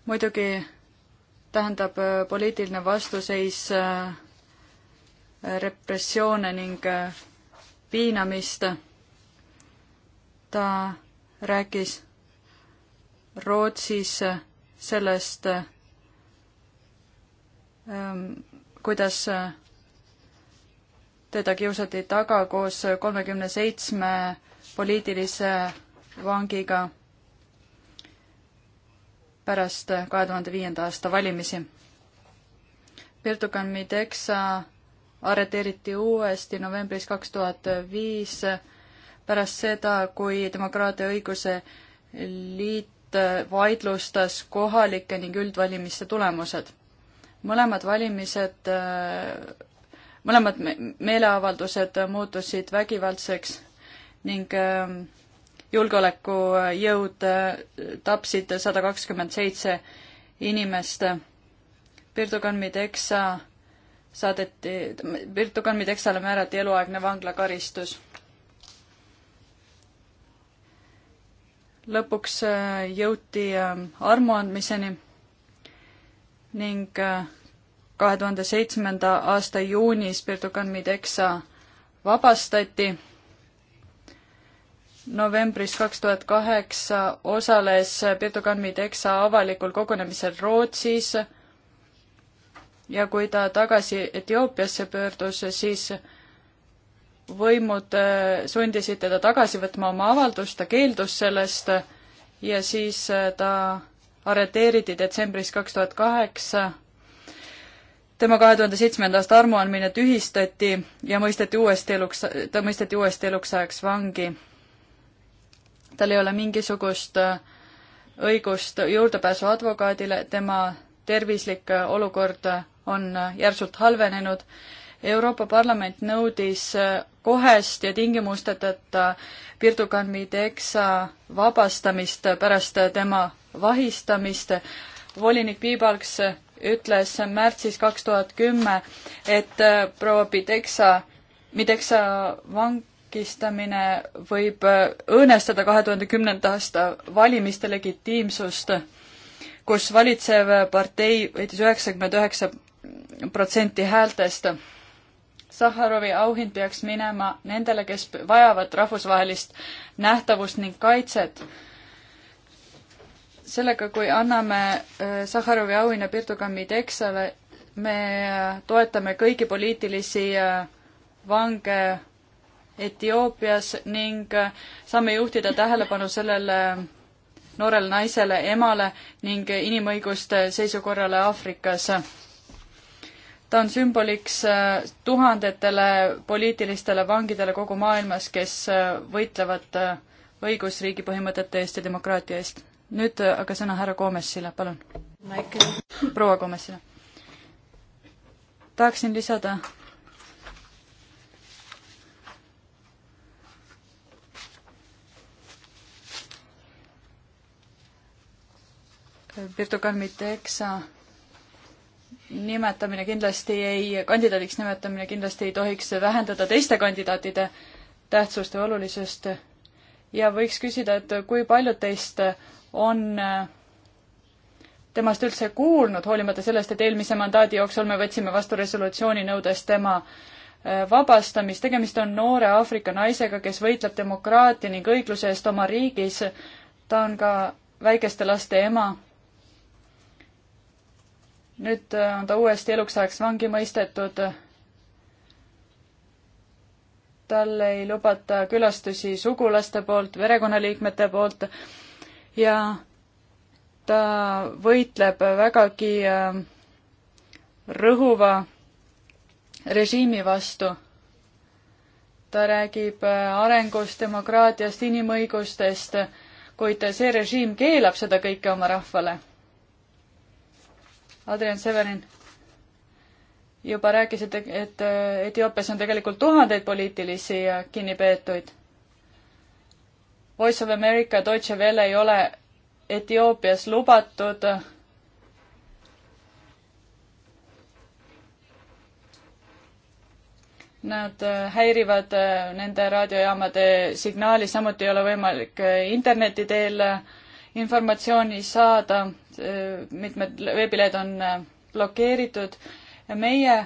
muidugi tähendab äh, poliitiline vastuseis äh, repressioone ning äh, piinamist. ta rääkis Rootsis sellest, ähm, kuidas teda kiusati taga koos kolmekümne seitsme poliitilise vangiga pärast kahe tuhande viienda aasta valimisi. Pirtukan Mideksa arreteeriti uuesti novembris kaks tuhat viis pärast seda, kui Demokraatia õiguse liit vaidlustas kohalike ning üldvalimiste tulemused. mõlemad valimised, mõlemad meeleavaldused muutusid vägivaldseks ning ähm, julgeolekujõud äh, tapsid sada kakskümmend seitse inimest. Birdogan Mideksa saadeti, Birdogan Mideksale määrati eluaegne vanglakaristus. lõpuks äh, jõuti äh, armuandmiseni ning kahe tuhande seitsmenda aasta juunis Birdogan Mideksa vabastati novembris kaks tuhat kaheksa osales Pirtukan Mideksa avalikul kogunemisel Rootsis ja kui ta tagasi Etioopiasse pöördus, siis võimud äh, sundisid teda tagasi võtma oma avaldust, ta keeldus sellest ja siis äh, ta arreteeriti detsembris kaks tuhat kaheksa. tema kahe tuhande seitsmenda aasta armuandmine tühistati ja mõisteti uuesti eluks, ta mõisteti uuesti eluks ajaks vangi tal ei ole mingisugust äh, õigust juurdepääsu advokaadile, tema tervislik äh, olukord äh, on järsult halvenenud. Euroopa Parlament nõudis kohest ja tingimusteta Pirdukan Mideksa vabastamist pärast tema vahistamist. volinik Piibalks ütles märtsis kaks tuhat kümme, et proua Pideksa, Mideksa vang-, märgistamine võib õõnestada kahe tuhande kümnenda aasta valimiste legitiimsust, kus valitsev partei võitis üheksakümmend üheksa protsenti häältest. Sahharovi auhind peaks minema nendele, kes vajavad rahvusvahelist nähtavust ning kaitset. sellega, kui anname äh, Sahharovi auhinna Pirtugami Texale, me äh, toetame kõigi poliitilisi äh, vange Etioopias ning äh, saame juhtida tähelepanu sellele noorele naisele, emale ning inimõiguste seisukorrale Aafrikas. ta on sümboliks äh, tuhandetele poliitilistele vangidele kogu maailmas, kes äh, võitlevad õigusriigi põhimõtete eest ja demokraatia eest. nüüd aga sõna härra Koomessile, palun. proua Koomessile. tahaksin lisada Pirtu Kalmiteksa nimetamine kindlasti ei, kandidaadiks nimetamine kindlasti ei tohiks vähendada teiste kandidaatide tähtsust ja olulisust. ja võiks küsida, et kui paljud teist on äh, temast üldse kuulnud, hoolimata sellest, et eelmise mandaadi jooksul me võtsime vastu resolutsiooni nõudes tema äh, vabastamist, tegemist on noore Aafrika naisega, kes võitleb demokraatia ning õigluse eest oma riigis. ta on ka väikeste laste ema nüüd äh, on ta uuesti eluks ajaks vangi mõistetud. talle ei lubata külastusi sugulaste poolt, perekonnaliikmete poolt ja ta võitleb vägagi äh, rõhuva režiimi vastu. ta räägib äh, arengust, demokraatiast, inimõigustest, kuid see režiim keelab seda kõike oma rahvale Adrian Severin juba rääkis, et, et äh, Etioopias on tegelikult tuhandeid poliitilisi kinnipeetuid. Voice of America, Deutsche Welle ei ole Etioopias lubatud. Nad äh, häirivad äh, nende raadiojaamade signaali, samuti ei ole võimalik interneti teel äh, informatsiooni saada, mitmed veebilehed on äh, blokeeritud ja meie,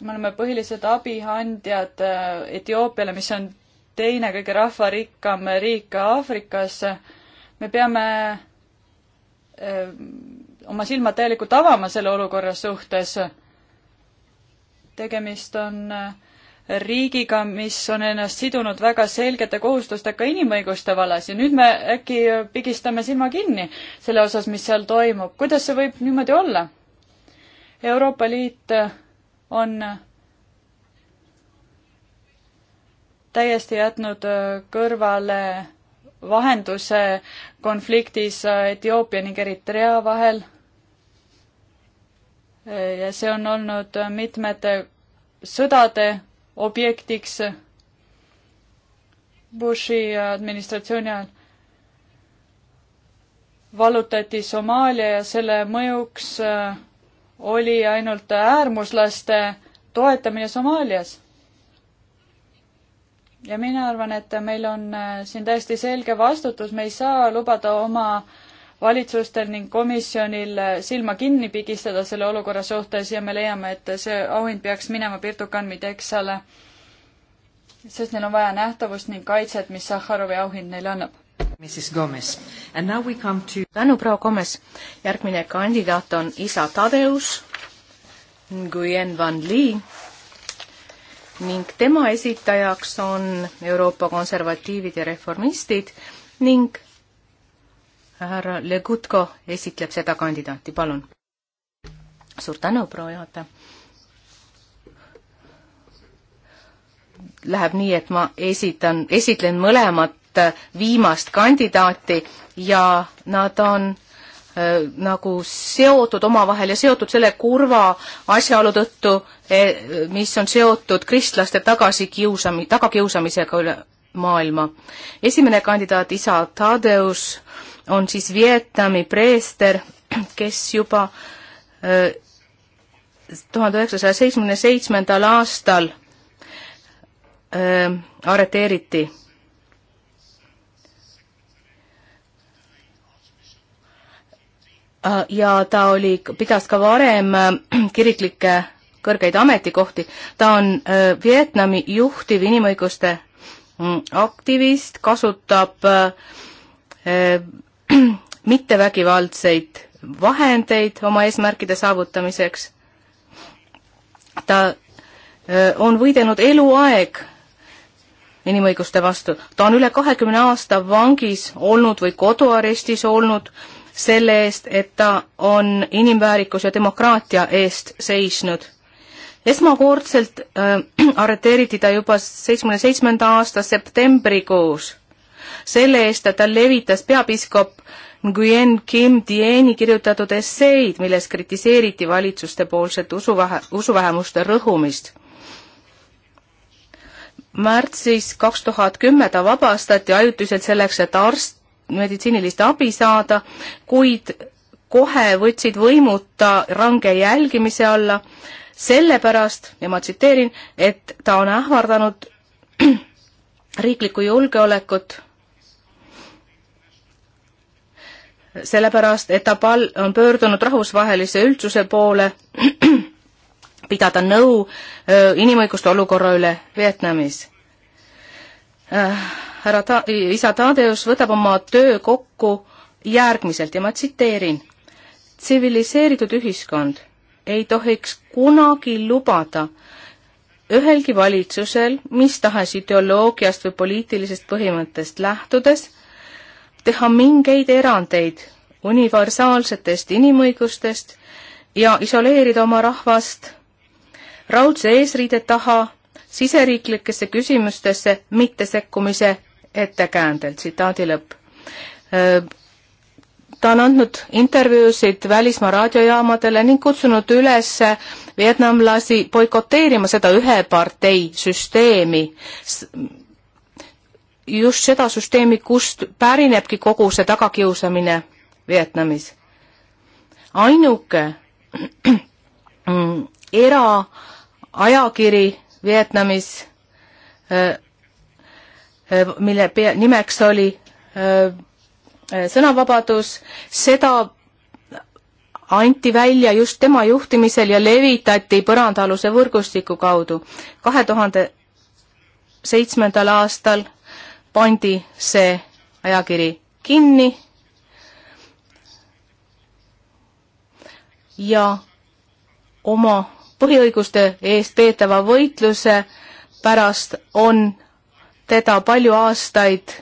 me oleme põhilised abiandjad äh, Etioopiale, mis on teine kõige rahvarikkam riik Aafrikas. me peame äh, oma silmad täielikult avama selle olukorra suhtes. tegemist on äh, riigiga, mis on ennast sidunud väga selgete kohustustega inimõiguste vallas ja nüüd me äkki pigistame silma kinni selle osas, mis seal toimub. kuidas see võib niimoodi olla? Euroopa Liit on täiesti jätnud kõrvale vahenduse konfliktis Etioopia ning Eritrea vahel. ja see on olnud mitmete sõdade objektiks Bushi administratsiooni ajal. vallutati Somaalia ja selle mõjuks äh, oli ainult äärmuslaste toetamine Somaalias. ja mina arvan, et meil on äh, siin täiesti selge vastutus, me ei saa lubada oma äh, valitsustel ning komisjonil silma kinni pigistada selle olukorra suhtes ja me leiame, et see auhind peaks minema Pirtukan Mideksale, sest neil on vaja nähtavust ning kaitset, mis Sahharovi auhind neile annab. To... tänu, proua Gomes. järgmine kandidaat on isa Tadeus Nguyen Van Lee ning tema esitajaks on Euroopa konservatiivid ja reformistid ning härra Legutko esitleb seda kandidaati, palun. suur tänu, proua juhataja. Läheb nii, et ma esitan, esitlen mõlemat äh, viimast kandidaati ja nad on äh, nagu seotud omavahel ja seotud selle kurva asjaolu tõttu eh,, mis on seotud kristlaste tagasikiusami-, tagakiusamisega üle maailma. esimene kandidaat, isa Tadeus, on siis Vietnami preester, kes juba äh, tuhande üheksasaja seitsmekümne seitsmendal aastal öö, äh, arreteeriti. Äh, ja ta oli, pidas ka varem kiriklikke kõrgeid ametikohti, ta on öö, Vietnami juhtiv inimõiguste mm, aktivist, kasutab öö, <clears throat> mittevägivaldseid vahendeid oma eesmärkide saavutamiseks. ta on võidelnud eluaeg inimõiguste vastu. ta on üle kahekümne aasta vangis olnud või koduarestis olnud selle eest, et ta on inimväärikuse ja demokraatia eest seisnud. esmakordselt äh, <clears throat> arreteeriti ta juba seitsmekümne seitsmenda aasta septembrikuus selle eest, et ta levitas peapiiskop Nguyen Kim Dieni kirjutatud esseid, milles kritiseeriti valitsustepoolset usuvahe, usuvähemuste rõhumist. märtsis kaks tuhat kümme ta vabastati ajutiselt selleks, et arst, meditsiinilist abi saada, kuid kohe võtsid võimud ta range jälgimise alla, sellepärast, ja ma tsiteerin, et ta on ähvardanud <clears throat> riiklikku julgeolekut sellepärast, et ta pal-, on pöördunud rahvusvahelise üldsuse poole <clears throat> pidada nõu äh, inimõiguste olukorra üle Vietnamis äh, härra ta-, isa Tadeus võtab oma töö kokku järgmiselt ja ma tsiteerin. tsiviliseeritud ühiskond ei tohiks kunagi lubada ühelgi valitsusel mis tahes ideoloogiast või poliitilisest põhimõttest lähtudes teha mingeid erandeid universaalsetest inimõigustest ja isoleerida oma rahvast raudse eesriide taha siseriiklikesse küsimustesse mittesekkumise ettekäändel, tsitaadi lõpp. ta on andnud intervjuusid välismaa raadiojaamadele ning kutsunud üles vietnamlasi boikoteerima seda ühe partei süsteemi, just seda süsteemi, kust pärinebki kogu see tagakiusamine Vietnamis. ainuke <clears throat> eraajakiri Vietnamis, äh, äh, mille pea, nimeks oli äh, sõnavabadus, seda anti välja just tema juhtimisel ja levitati põrandaaluse võrgustiku kaudu. kahe tuhande seitsmendal aastal pandi see ajakiri kinni ja oma põhiõiguste eest peetava võitluse pärast on teda palju aastaid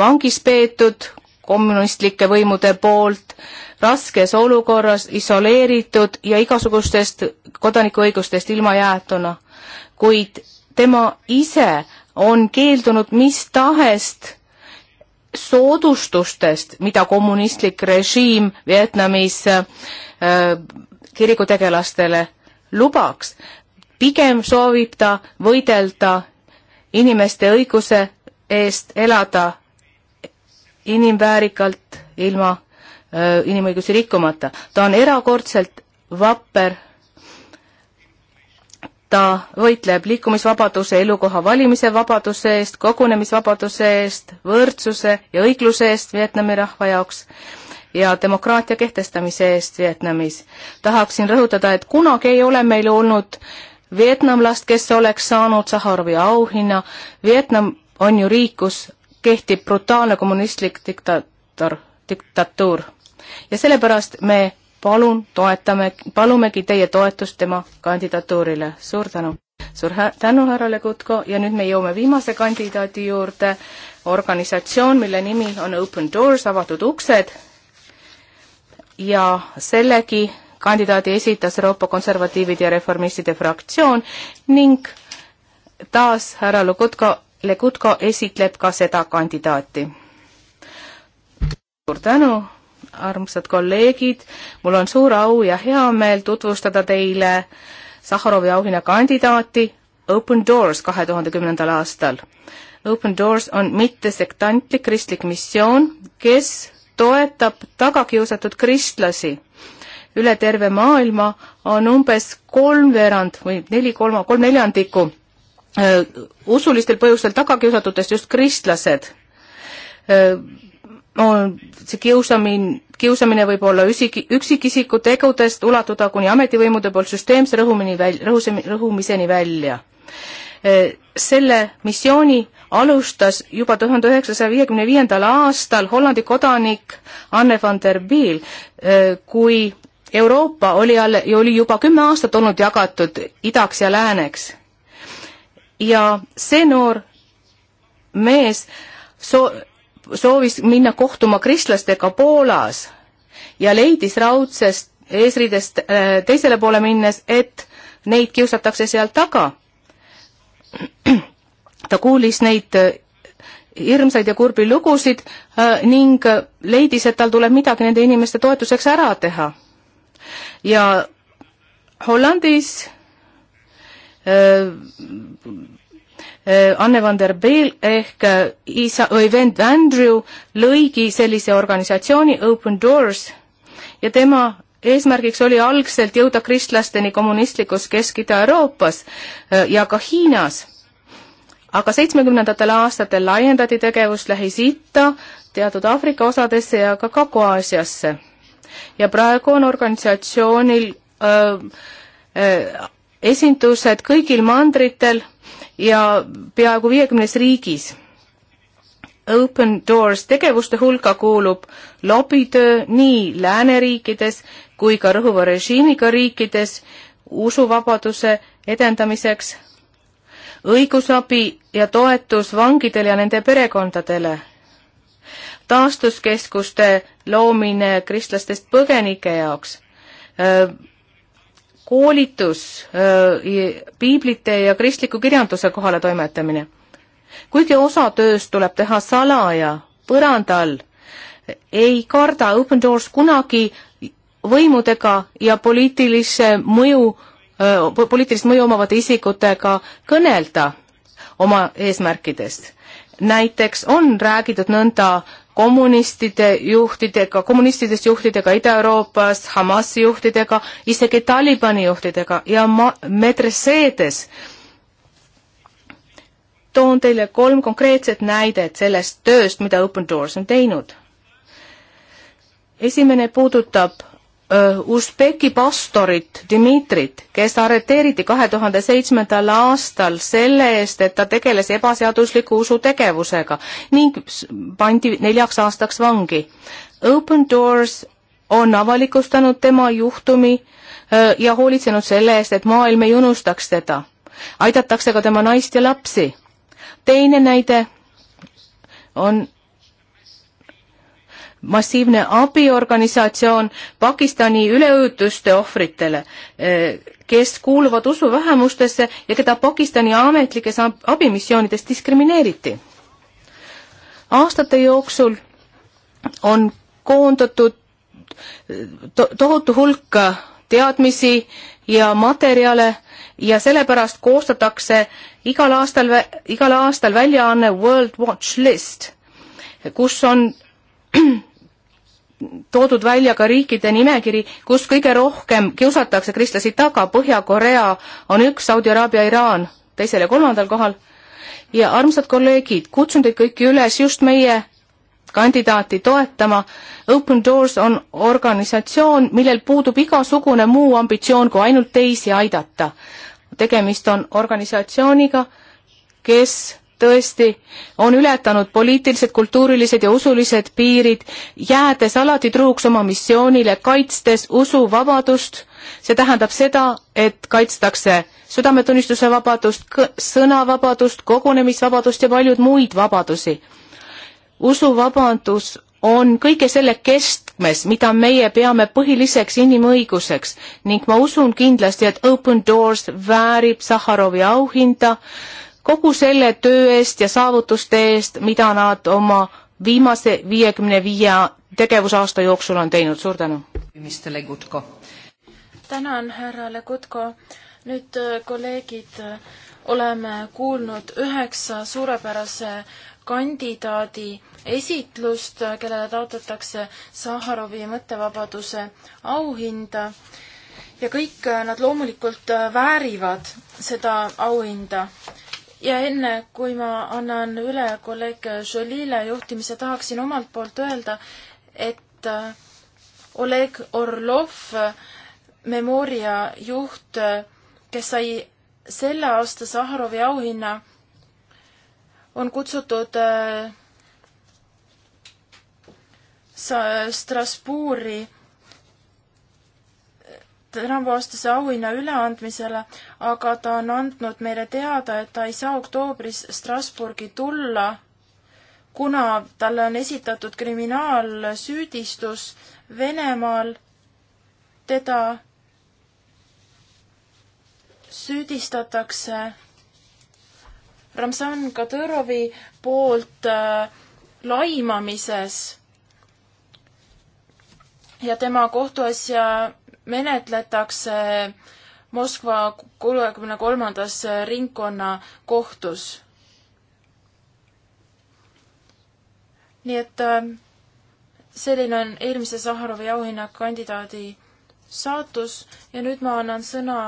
vangis peetud kommunistlike võimude poolt, raskes olukorras, isoleeritud ja igasugustest kodanikuõigustest ilma jäetuna. kuid tema ise on keeldunud mis tahest soodustustest, mida kommunistlik režiim Vietnamis äh, kirikutegelastele lubaks. pigem soovib ta võidelda inimeste õiguse eest elada inimväärikalt ilma äh, inimõigusi rikkumata. ta on erakordselt vapper ta võitleb liikumisvabaduse, elukoha valimise vabaduse eest, kogunemisvabaduse eest, võrdsuse ja õigluse eest Vietnami rahva jaoks ja demokraatia kehtestamise eest Vietnamis. tahaksin rõhutada, et kunagi ei ole meil olnud vietnamlast, kes oleks saanud Saharovi auhinna. Vietnam on ju riik, kus kehtib brutaalne kommunistlik diktaator, diktatuur. ja sellepärast me palun toetame, palumegi teie toetust tema kandidatuurile. suur tänu! suur tänu, härra Legutko, ja nüüd me jõuame viimase kandidaadi juurde, organisatsioon, mille nimi on Open Doors, avatud uksed, ja sellegi kandidaadi esitas Euroopa Konservatiivide ja Reformistide fraktsioon ning taas härra Legutko, Legutko esitleb ka seda kandidaati. suur tänu! armsad kolleegid, mul on suur au ja hea meel tutvustada teile Sahharovi auhinna kandidaati Open Doors kahe tuhande kümnendal aastal. Open Doors on mittesektantlik kristlik missioon, kes toetab tagakiusatud kristlasi. üle terve maailma on umbes kolmveerand või neli kolma, kolm neljandikku äh, usulistel põhjustel tagakiusatutest just kristlased äh, see kiusamine, kiusamine võib olla üsik, üksikisiku tegudest ulatuda kuni ametivõimude poolt süsteemse rõhumini väl-, rõhusemi-, rõhumiseni välja. Eh, selle missiooni alustas juba tuhande üheksasaja viiekümne viiendal aastal Hollandi kodanik Anne van der Biel, eh, kui Euroopa oli alle, oli juba kümme aastat olnud jagatud idaks ja lääneks. ja see noor mees so-, soovis minna kohtuma kristlastega Poolas ja leidis raudsest eesriidest äh, teisele poole minnes, et neid kiusatakse seal taga. <clears throat> ta kuulis neid äh, hirmsaid ja kurbi lugusid äh, ning leidis, et tal tuleb midagi nende inimeste toetuseks ära teha. ja Hollandis Eh, Anne van der Beel ehk eh, isa või vend Andrew lõigi sellise organisatsiooni Open Doors ja tema eesmärgiks oli algselt jõuda kristlasteni kommunistlikus Kesk-Ida-Euroopas eh, ja ka Hiinas. aga seitsmekümnendatel aastatel laiendati tegevust Lähis-Itta, teatud Aafrika osadesse ja ka Kagu-Aasiasse. ja praegu on organisatsioonil öö, öö, esindused kõigil mandritel ja peaaegu viiekümnes riigis. Open Doors tegevuste hulka kuulub lobitöö nii lääneriikides kui ka rõhuva režiimiga riikides usuvabaduse edendamiseks, õigusabi ja toetus vangidele ja nende perekondadele taastuskeskuste loomine kristlastest põgenike jaoks, koolitus äh, piiblite ja kristliku kirjanduse kohale toimetamine. kuigi osa tööst tuleb teha salaja, põranda all, ei karda Open Doors kunagi võimudega ja poliitilise mõju, äh, poliitilist mõju omavate isikutega kõnelda oma eesmärkidest. näiteks on räägitud nõnda kommunistide juhtidega, kommunistidest juhtidega Ida-Euroopas, Hamasi juhtidega, isegi Talibani juhtidega ja ma-, medreseedes. toon teile kolm konkreetset näidet sellest tööst, mida Open Doors on teinud. esimene puudutab Äh, Usbeki pastorit Dmitrit, kes arreteeriti kahe tuhande seitsmendal aastal selle eest, et ta tegeles ebaseadusliku usutegevusega ning pandi neljaks aastaks vangi. Open Doors on avalikustanud tema juhtumi äh, ja hoolitsenud selle eest, et maailm ei unustaks teda. aidatakse ka tema naist ja lapsi. teine näide on massiivne abiorganisatsioon Pakistani üleujutuste ohvritele, eh, kes kuuluvad usuvähemustesse ja keda Pakistani ametlikes abimissioonides diskrimineeriti. aastate jooksul on koondatud eh, to tohutu hulk teadmisi ja materjale ja sellepärast koostatakse igal aastal, igal aastal väljaanne World Watch List, kus on <clears throat> toodud välja ka riikide nimekiri, kus kõige rohkem kiusatakse kristlasi taga, Põhja-Korea on üks, Saudi-Araabia, Iraan teisel ja kolmandal kohal. ja armsad kolleegid, kutsun teid kõiki üles just meie kandidaati toetama. Open Doors on organisatsioon, millel puudub igasugune muu ambitsioon kui ainult teisi aidata. tegemist on organisatsiooniga, kes tõesti on ületanud poliitilised, kultuurilised ja usulised piirid, jäädes alati truuks oma missioonile, kaitstes usuvabadust, see tähendab seda, et kaitstakse südametunnistuse vabadust, sõnavabadust, kogunemisvabadust ja paljud muid vabadusi. usuvabadus on kõige selle keskmes, mida meie peame põhiliseks inimõiguseks ning ma usun kindlasti, et Open Doors väärib Sahharovi auhinda kogu selle töö eest ja saavutuste eest, mida nad oma viimase viiekümne viie tegevusaasta jooksul on teinud. suur tänu! tänan, härra Legutko. nüüd äh, kolleegid, äh, oleme kuulnud üheksa suurepärase kandidaadi esitlust, äh, kellele taotletakse Saharovi mõttevabaduse auhinda ja kõik nad loomulikult väärivad seda auhinda ja enne, kui ma annan üle kolleeg Jolile juhtimise, tahaksin omalt poolt öelda, et äh, Oleg Orlov, äh, Memoria juht, äh, kes sai selle aasta Saharovi auhinna, on kutsutud Strasbourgi tänavuaastase auhinna üleandmisele, aga ta on andnud meile teada, et ta ei saa oktoobris Strasburgi tulla, kuna talle on esitatud kriminaalsüüdistus Venemaal teda süüdistatakse Ramzan Kadõrovi poolt äh, laimamises ja tema kohtuasja menetletakse Moskva kolmekümne kolmandas ringkonnakohtus. nii et ähm, selline on eelmise Saharovi auhinna kandidaadi saatus ja nüüd ma annan sõna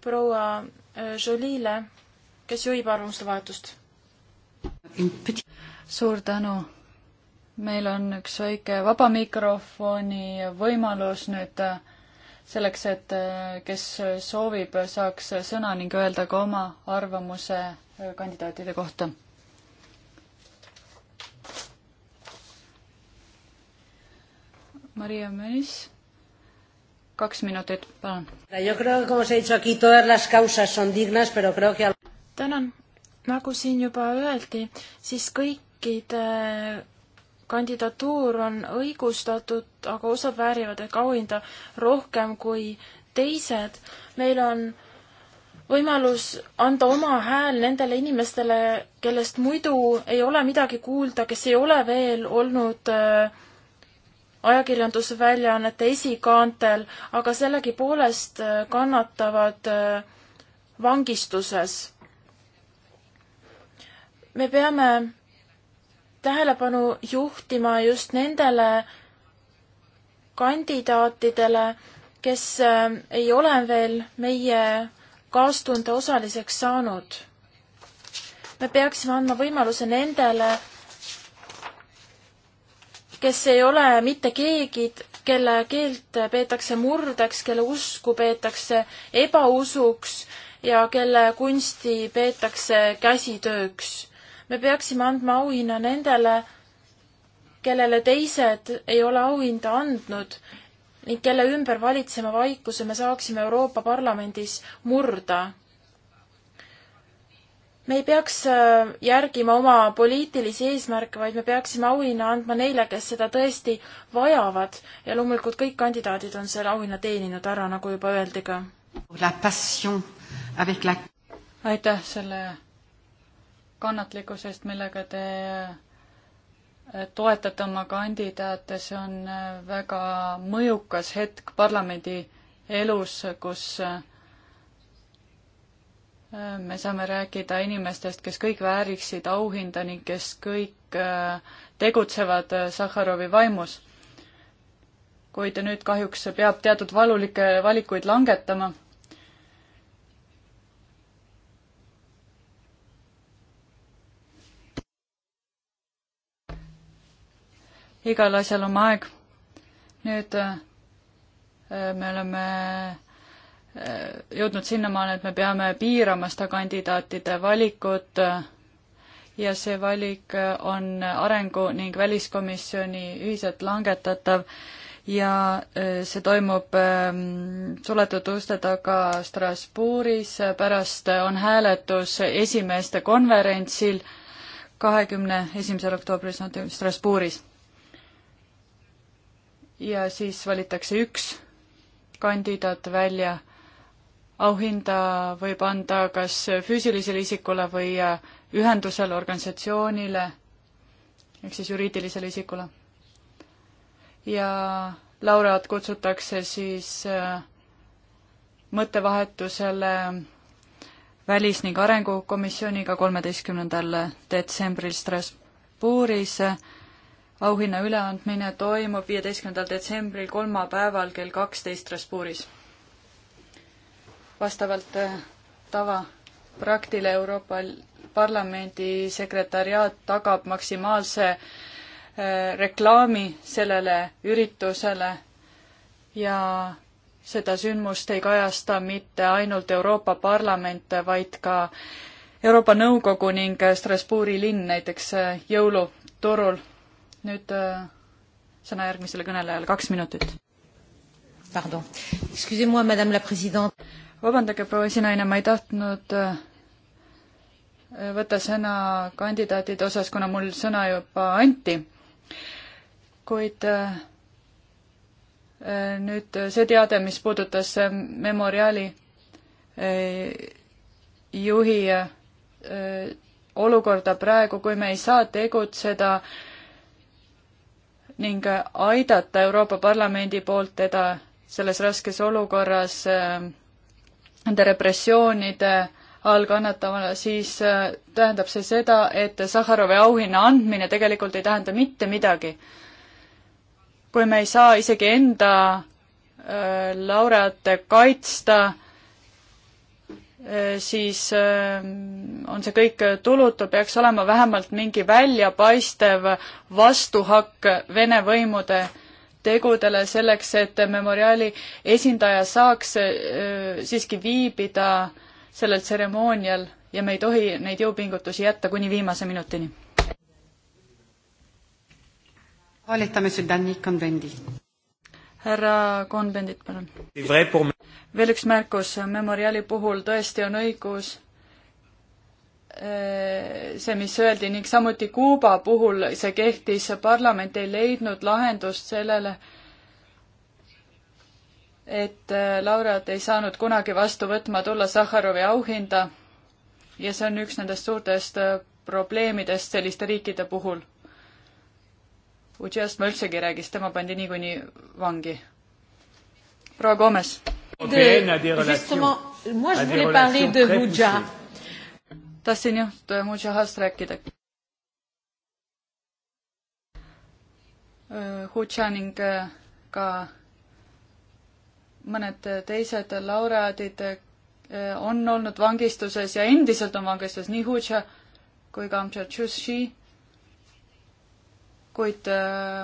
proua äh, Jolile, kes juhib arvamuste vahetust. suur tänu meil on üks väike vaba mikrofoni võimalus nüüd äh, selleks, et äh, kes soovib, saaks sõna ning öelda ka oma arvamuse äh, kandidaatide kohta. Maria Mönis, kaks minutit, palun. tänan, nagu siin juba öeldi, siis kõikide kandidatuur on õigustatud, aga osad väärivad ehk auhinda rohkem kui teised. meil on võimalus anda oma hääl nendele inimestele, kellest muidu ei ole midagi kuulda, kes ei ole veel olnud äh, ajakirjandusväljaannete esikaantel, aga sellegipoolest äh, kannatavad äh, vangistuses. me peame tähelepanu juhtima just nendele kandidaatidele, kes äh, ei ole veel meie kaastunde osaliseks saanud. me peaksime andma võimaluse nendele, kes ei ole mitte keegi, kelle keelt peetakse murdeks, kelle usku peetakse ebausuks ja kelle kunsti peetakse käsitööks me peaksime andma auhinna nendele, kellele teised ei ole auhinda andnud ning kelle ümber valitsema vaikuse me saaksime Euroopa Parlamendis murda. me ei peaks äh, järgima oma poliitilisi eesmärke, vaid me peaksime auhinna andma neile, kes seda tõesti vajavad ja loomulikult kõik kandidaadid on selle auhinna teeninud ära, nagu juba öeldi ka. aitäh selle kannatlikkusest, millega te eh, toetate oma kandidaate, see on eh, väga mõjukas hetk parlamendi elus, kus eh, me saame rääkida inimestest, kes kõik vääriksid auhinda ning kes kõik tegutsevad Sahharovi vaimus. kuid nüüd kahjuks peab teatud valulikke valikuid langetama igal asjal oma aeg. nüüd äh, me oleme äh, jõudnud sinnamaale, et me peame piirama seda kandidaatide valikut äh, ja see valik on arengu ning väliskomisjoni ühiselt langetatav ja see toimub ähm, suletud uste taga Strasbourgis, pärast on hääletus esimeeste konverentsil kahekümne esimesel oktoobril Strasbourgis ja siis valitakse üks kandidaat välja. auhinda võib anda kas füüsilisele isikule või äh, ühendusele, organisatsioonile ehk siis juriidilisele isikule. ja laureaat kutsutakse siis äh, mõttevahetusele välis- ning arengukomisjoniga kolmeteistkümnendal detsembril Strasbourgis auhinna üleandmine toimub viieteistkümnendal detsembril kolmapäeval kell kaksteist Strasbourgis. vastavalt äh, tavapraktile Euroopa Parlamendi sekretariaat tagab maksimaalse äh, reklaami sellele üritusele ja seda sündmust ei kajasta mitte ainult Euroopa Parlament, vaid ka Euroopa Nõukogu ning Strasbourgi linn näiteks äh, jõuluturul nüüd äh, sõna järgmisele kõnelejale, kaks minutit. Pardon, excusez-moi, madame la president. vabandage, proua esinaine, ma ei tahtnud äh, võtta sõna kandidaatide osas, kuna mul sõna juba anti. kuid äh, nüüd see teade, mis puudutas Memoriali juhi olukorda praegu, kui me ei saa tegutseda äh, ning aidata Euroopa Parlamendi poolt teda selles raskes olukorras äh, nende repressioonide all kannatavana, siis äh, tähendab see seda, et Sahharovi auhinna andmine tegelikult ei tähenda mitte midagi. kui me ei saa isegi enda äh, laureaate kaitsta, Äh, siis äh, on see kõik tulutu, peaks olema vähemalt mingi väljapaistev vastuhakk Vene võimude tegudele selleks, et memoriaali esindaja saaks äh, siiski viibida sellel tseremoonial ja me ei tohi neid jõupingutusi jätta kuni viimase minutini. hääletame siis Danny Convendi. härra Convendit, palun veel üks märkus, Memoriali puhul tõesti on õigus eh, see, mis öeldi ning samuti Kuuba puhul see kehtis, parlament ei leidnud lahendust sellele, et eh, Laureat ei saanud kunagi vastu võtma tulla Sahharovi auhinda ja see on üks nendest suurtest eh, probleemidest selliste riikide puhul. Udžast ma üldsegi ei räägi, sest tema pandi niikuinii vangi. proua Gomes tahtsin jah, Mujahast rääkida. Äh, Hutša ning äh, ka mõned teised laureaadid äh, on olnud vangistuses ja endiselt on vangistuses nii Hutša kui ka Amtša Tšuši. kuid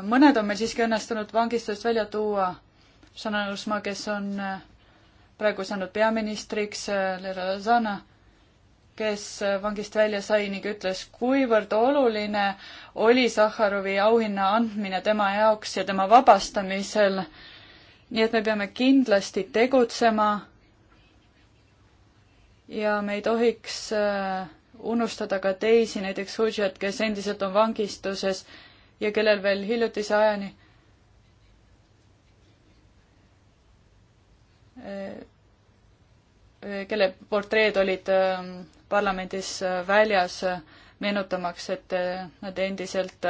mõned on meil siiski õnnestunud vangistusest välja tuua. Sanna Rusma, kes on praegu saanud peaministriks, äh, kes äh, vangist välja sai ning ütles, kuivõrd oluline oli Sahharovi auhinna andmine tema jaoks ja tema vabastamisel. nii et me peame kindlasti tegutsema. ja me ei tohiks äh, unustada ka teisi, näiteks Hudžat, kes endiselt on vangistuses ja kellel veel hiljutise ajani Äh, kelle portreed olid ähm, parlamendis äh, väljas, äh, meenutamaks, et nad endiselt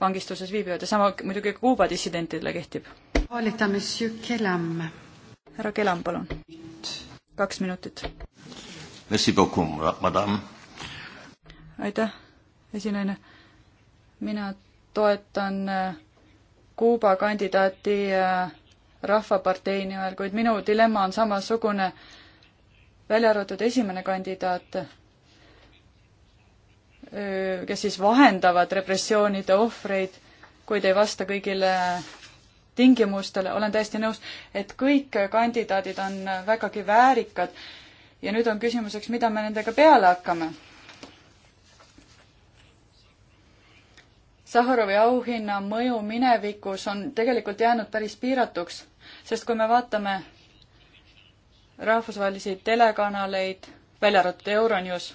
vangistuses viibivad ja sama muidugi ka Kuuba dissidentidele kehtib. härra Kelam, palun. kaks minutit. aitäh, esinaine. mina toetan Kuuba kandidaati äh, Rahvapartei nimel, kuid minu dilemma on samasugune, välja arvatud esimene kandidaat, kes siis vahendavad repressioonide ohvreid, kuid ei vasta kõigile tingimustele, olen täiesti nõus, et kõik kandidaadid on vägagi väärikad ja nüüd on küsimuseks, mida me nendega peale hakkame Sahharovi auhinna mõju minevikus on tegelikult jäänud päris piiratuks, sest kui me vaatame rahvusvahelisi telekanaleid, välja arvatud Euronews,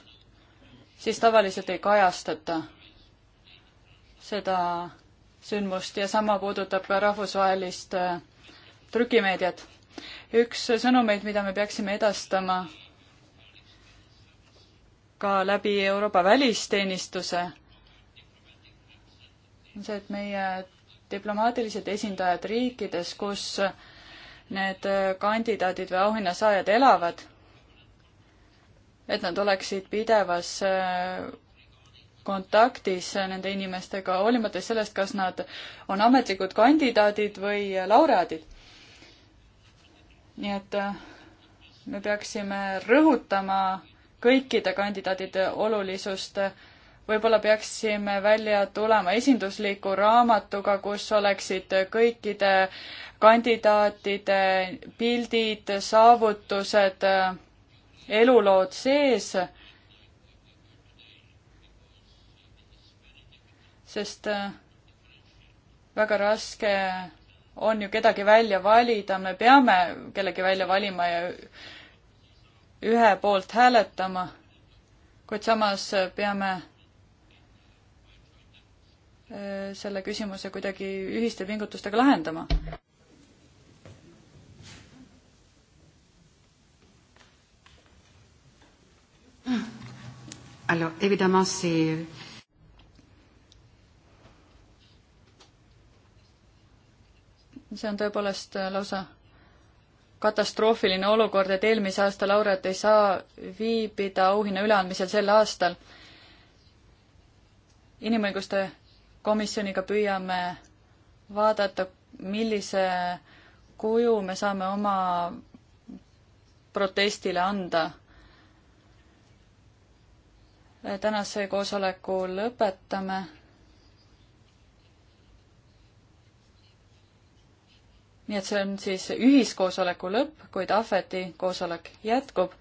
siis tavaliselt ei kajastata seda sündmust ja sama puudutab ka rahvusvahelist äh, trükimeediat. üks sõnumeid, mida me peaksime edastama ka läbi Euroopa välisteenistuse on see, et meie diplomaatilised esindajad riikides, kus need äh, kandidaadid või auhinnasaajad elavad, et nad oleksid pidevas äh, kontaktis nende inimestega, hoolimata sellest, kas nad on ametlikud kandidaadid või äh, laureaadid. nii et me peaksime rõhutama kõikide kandidaatide olulisust võib-olla peaksime välja tulema esindusliku raamatuga, kus oleksid kõikide kandidaatide pildid, saavutused, elulood sees. sest äh, väga raske on ju kedagi välja valida, me peame kellegi välja valima ja ühe poolt hääletama, kuid samas peame Äh, selle küsimuse kuidagi ühiste pingutustega lahendama. Alors évidemment c'est see on tõepoolest äh, lausa katastroofiline olukord, et eelmise aasta laureaat ei saa viibida auhinna üleandmisel sel aastal. inimõiguste komisjoniga püüame vaadata, millise kuju me saame oma protestile anda. tänase koosoleku lõpetame. nii et see on siis ühiskoosoleku lõpp, kuid Ahveti koosolek jätkub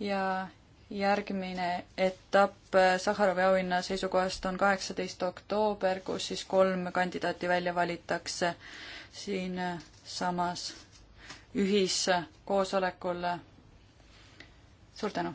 ja järgmine etapp Sahharovi auhinna seisukohast on kaheksateist oktoober, kus siis kolm kandidaati välja valitakse siinsamas äh, ühiskoosolekul. Äh, suur tänu!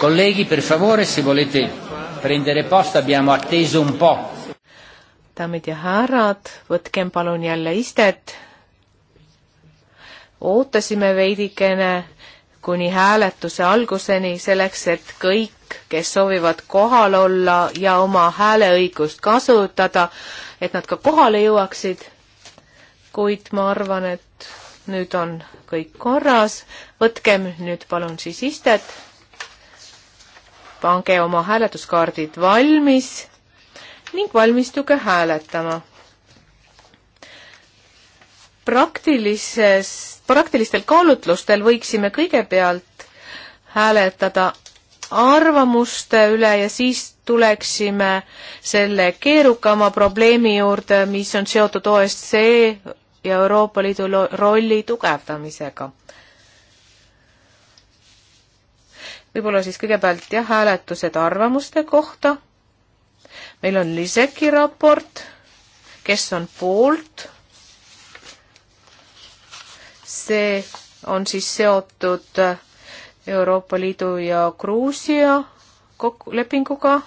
Colleghi, per favore, se volete prendere posto, abbiamo atteso un po'. daamid ja härrad, võtkem palun jälle istet. ootasime veidikene kuni hääletuse alguseni selleks, et kõik, kes soovivad kohal olla ja oma hääleõigust kasutada, et nad ka kohale jõuaksid. kuid ma arvan, et nüüd on kõik korras. võtkem nüüd palun siis istet pange oma hääletuskaardid valmis ning valmistuge hääletama. praktilises, praktilistel kaalutlustel võiksime kõigepealt hääletada arvamuste üle ja siis tuleksime selle keerukama probleemi juurde, mis on seotud OSCE ja Euroopa Liidu rolli tugevdamisega võib-olla siis kõigepealt jah, hääletused arvamuste kohta. meil on Liseki raport, kes on poolt. see on siis seotud Euroopa Liidu ja Gruusia kokku, lepinguga.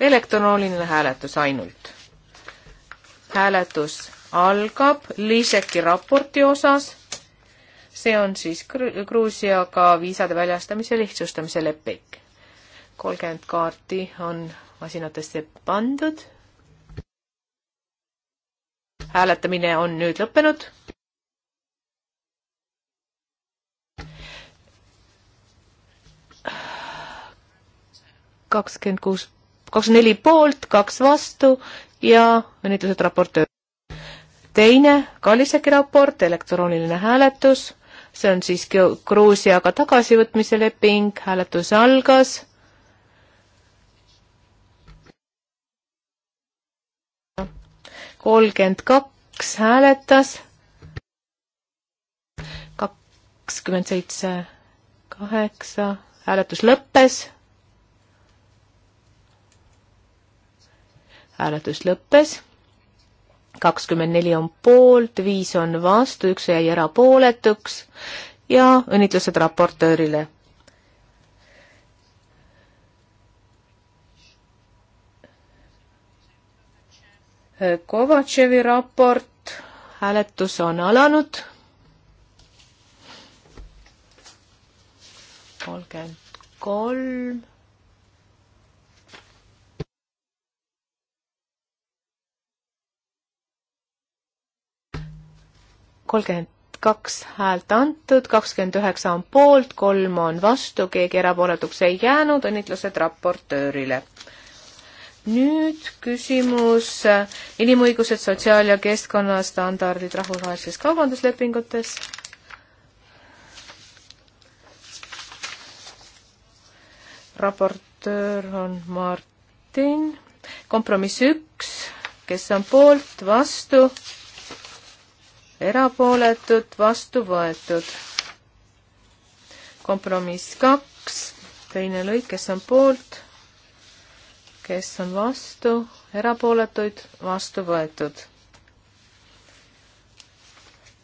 elektrooniline hääletus ainult. hääletus algab Liiseki raporti osas see on siis Gruusiaga viisade väljastamise lihtsustamise leping. kolmkümmend kaarti on masinatesse pandud. hääletamine on nüüd lõppenud. kakskümmend kuus, kakskümmend neli poolt, kaks vastu ja õnnitlused raportööri. teine Kalliseki raport, elektrooniline hääletus see on siis Gruusiaga tagasivõtmise leping, hääletus algas. kolmkümmend kaks hääletas, kakskümmend seitse, kaheksa, hääletus lõppes. hääletus lõppes kakskümmend neli on poolt, viis on vastu, üks jäi erapooletuks ja õnnitlused raportöörile. Kovatševi raport, hääletus on alanud. kolmkümmend kolm kolmkümmend kaks häält antud, kakskümmend üheksa on poolt, kolm on vastu, keegi erapooletuks ei jäänud, õnnitlused raportöörile. nüüd küsimus äh, inimõigused, sotsiaal- ja keskkonnastandardid rahvusvahelistes kaubanduslepingutes. raportöör on Martin, kompromiss üks, kes on poolt, vastu erapooletud, vastu võetud. kompromiss kaks, teine lõik, kes on poolt, kes on vastu, erapooletuid, vastu võetud.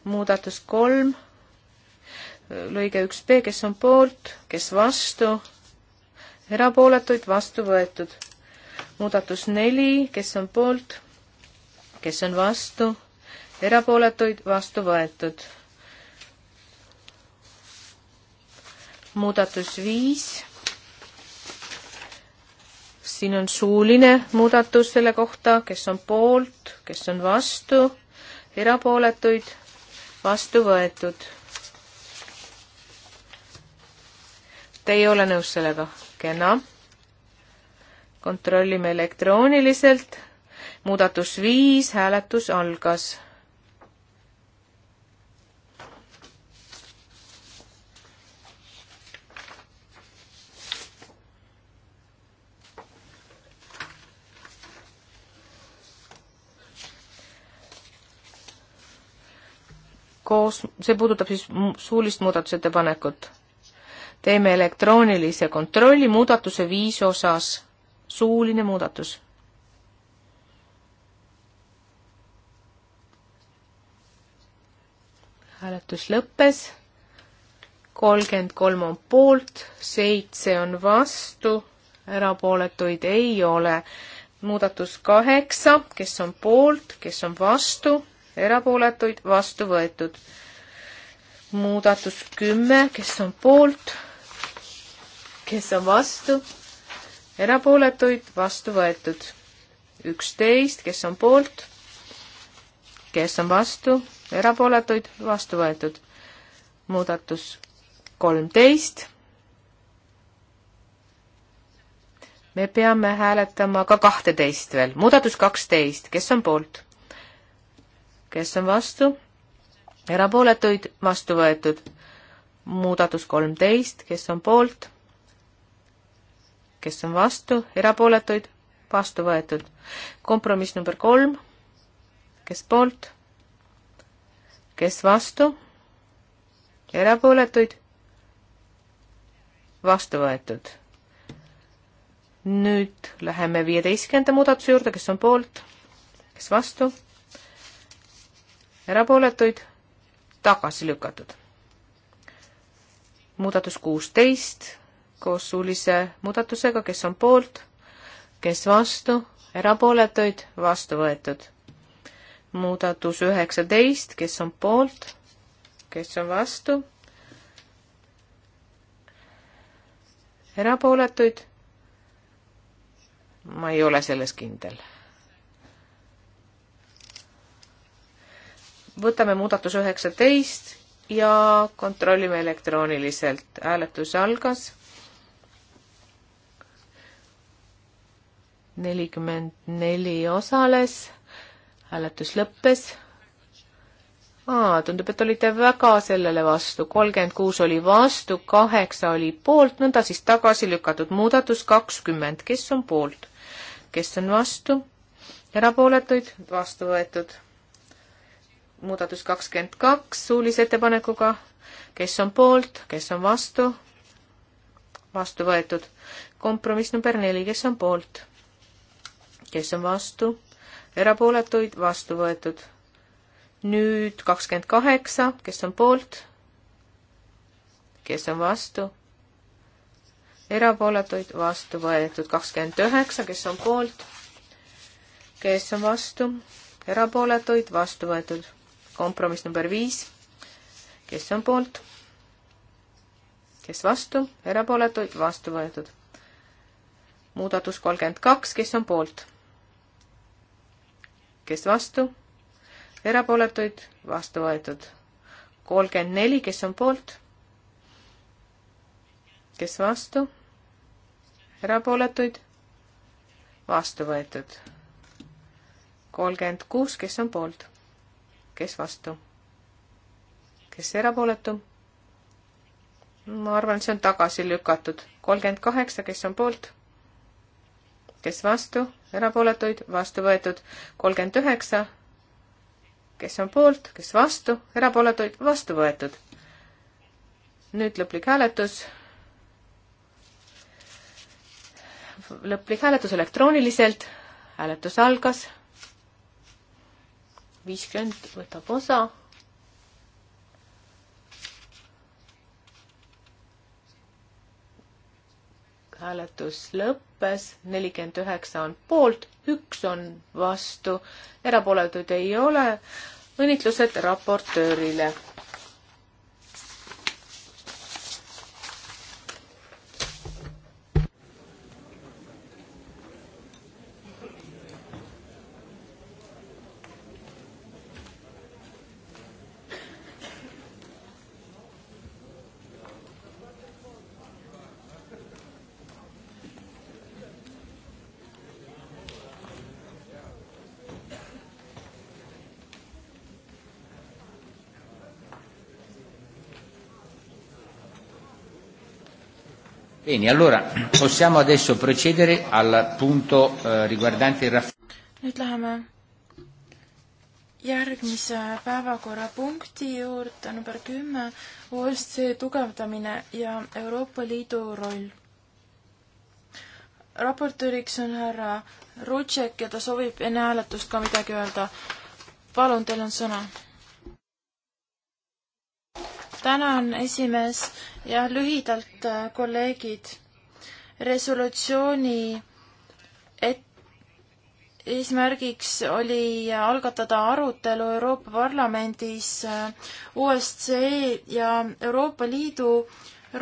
muudatus kolm, lõige üks B, kes on poolt, kes vastu, erapooletuid, vastu võetud. muudatus neli, kes on poolt, kes on vastu erapooletuid, vastu võetud. muudatus viis. siin on suuline muudatus selle kohta, kes on poolt, kes on vastu, erapooletuid, vastu võetud. Te ei ole nõus sellega? kena. kontrollime elektrooniliselt. muudatus viis, hääletus algas koos, see puudutab siis suulist muudatusettepanekut. teeme elektroonilise kontrolli muudatuse viis osas, suuline muudatus. hääletus lõppes, kolmkümmend kolm on poolt, seitse on vastu, erapooletuid ei ole. muudatus kaheksa, kes on poolt, kes on vastu erapooletuid, vastu võetud. muudatus kümme, kes on poolt, kes on vastu, erapooletuid, vastu võetud. üksteist, kes on poolt, kes on vastu, erapooletuid, vastu võetud. muudatus kolmteist me peame hääletama ka kahteteist veel, muudatus kaksteist, kes on poolt? kes on vastu, erapooletuid vastu võetud. muudatus kolmteist, kes on poolt, kes on vastu, erapooletuid vastu võetud. kompromiss number kolm, kes poolt, kes vastu, erapooletuid vastu võetud. nüüd läheme viieteistkümnenda muudatuse juurde, kes on poolt, kes vastu erapooletuid, tagasi lükatud. muudatus kuusteist koos suulise muudatusega, kes on poolt, kes vastu, erapooletuid, vastu võetud. muudatus üheksateist, kes on poolt, kes on vastu, erapooletuid, ma ei ole selles kindel võtame muudatuse üheksateist ja kontrollime elektrooniliselt. hääletus algas. nelikümmend neli osales, hääletus lõppes. Aa, tundub, et olite väga sellele vastu, kolmkümmend kuus oli vastu, kaheksa oli poolt, nõnda siis tagasi lükatud muudatus kakskümmend, kes on poolt, kes on vastu, erapooletuid, vastu võetud muudatus kakskümmend kaks suulise ettepanekuga, kes on poolt, kes on vastu, vastu võetud. kompromiss number neli, kes on poolt, kes on vastu, erapooletuid vastu võetud. nüüd kakskümmend kaheksa, kes on poolt, kes on vastu, erapooletuid vastu võetud. kakskümmend üheksa, kes on poolt, kes on vastu, erapooletuid vastu võetud kompromiss number viis, kes on poolt, kes vastu, erapooletuid, vastu võetud. muudatus kolmkümmend kaks, kes on poolt, kes vastu, erapooletuid, vastu võetud. kolmkümmend neli, kes on poolt, kes vastu, erapooletuid, vastu võetud. kolmkümmend kuus, kes on poolt kes vastu? kes erapooletu? ma arvan, see on tagasi lükatud. kolmkümmend kaheksa, kes on poolt? kes vastu? erapooletuid, vastu võetud. kolmkümmend üheksa, kes on poolt, kes vastu, erapooletuid, vastu võetud. nüüd lõplik hääletus. lõplik hääletus elektrooniliselt. hääletus algas viiskümmend võtab osa. hääletus lõppes, nelikümmend üheksa on poolt, üks on vastu, erapooletuid ei ole. õnnitlused raportöörile Bene, allora possiamo adesso procedere al punto eh, riguardante il raff- Nüüd läheme järgmise päevakorrapunkti juurde number kümme, OSCE tugevdamine ja Euroopa Liidu roll. raportööriks on härra Rutšek ja ta soovib enne hääletust ka midagi öelda. palun, teil on sõna tänan, esimees ja lühidalt äh, kolleegid. resolutsiooni et-, eesmärgiks oli algatada arutelu Euroopa Parlamendis OSCE äh, ja Euroopa Liidu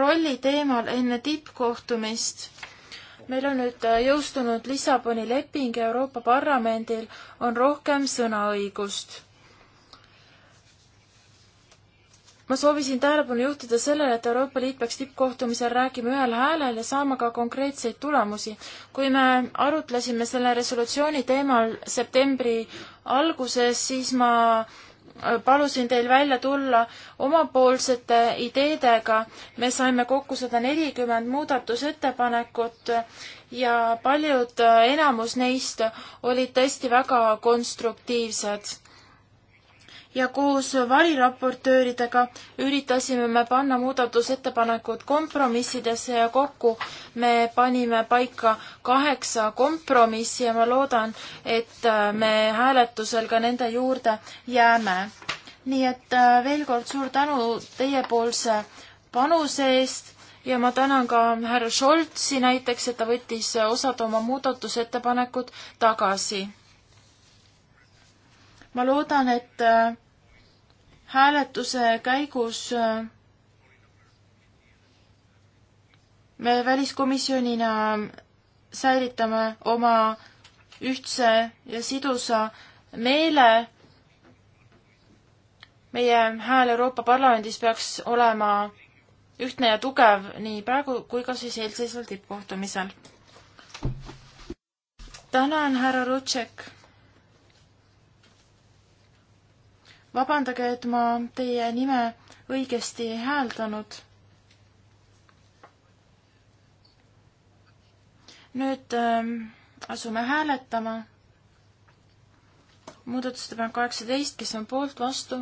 rolli teemal enne tippkohtumist. meil on nüüd äh, jõustunud Lissaboni leping ja Euroopa Parlamendil on rohkem sõnaõigust ma soovisin tähelepanu juhtida sellele, et Euroopa Liit peaks tippkohtumisel rääkima ühel häälel ja saama ka konkreetseid tulemusi. kui me arutlesime selle resolutsiooni teemal septembri alguses, siis ma äh, palusin teil välja tulla omapoolsete ideedega. me saime kokku sada nelikümmend muudatusettepanekut ja paljud, äh, enamus neist olid tõesti väga konstruktiivsed ja koos variraportööridega üritasime me panna muudatusettepanekud kompromissidesse ja kokku me panime paika kaheksa kompromissi ja ma loodan, et äh, me hääletusel ka nende juurde jääme. nii et äh, veel kord suur tänu teiepoolse panuse eest ja ma tänan ka härra Scholzi näiteks, et ta võttis osad oma muudatusettepanekud tagasi ma loodan, et äh, hääletuse käigus äh, me väliskomisjonina säilitame oma ühtse ja sidusa meele. meie hääl Euroopa Parlamendis peaks olema ühtne ja tugev nii praegu kui ka siis eelseisval tippkohtumisel. tänan, härra Rutšek vabandage, et ma teie nime õigesti ei hääldanud. nüüd äh, asume hääletama. muudatusettepanek kaheksateist, kes on poolt, vastu,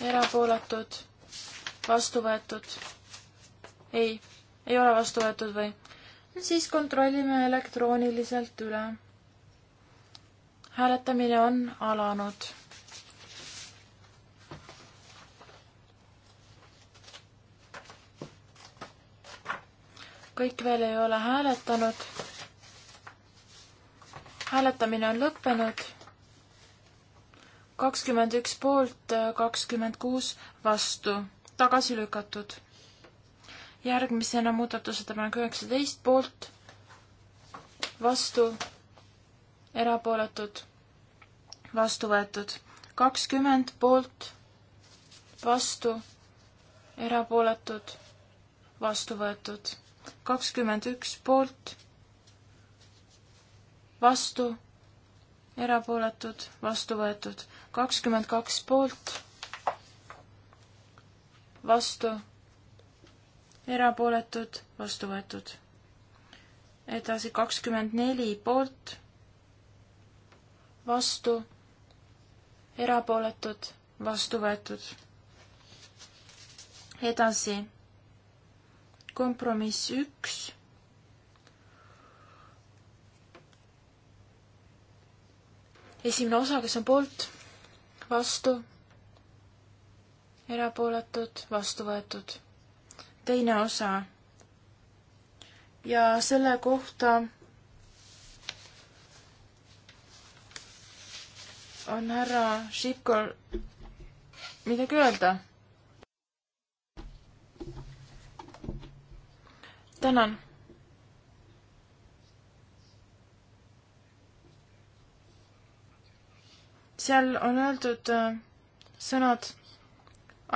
erapooletud, vastu võetud. ei, ei ole vastu võetud või? siis kontrollime elektrooniliselt üle. hääletamine on alanud kõik veel ei ole hääletanud. hääletamine on lõppenud. kakskümmend üks poolt, kakskümmend kuus vastu, tagasi lükatud. järgmisena muudatusettepanek üheksateist poolt, vastu, erapooletud, vastu võetud. kakskümmend poolt, vastu, erapooletud, vastu võetud kakskümmend üks poolt, vastu, erapooletud, vastu võetud, kakskümmend kaks poolt, vastu, erapooletud, vastu võetud. edasi kakskümmend neli poolt, vastu, erapooletud, vastu võetud. edasi kompromiss üks. esimene osa, kes on poolt, vastu, erapooletud, vastu võetud. teine osa. ja selle kohta on härra Šikol midagi öelda tänan. seal on öeldud äh, sõnad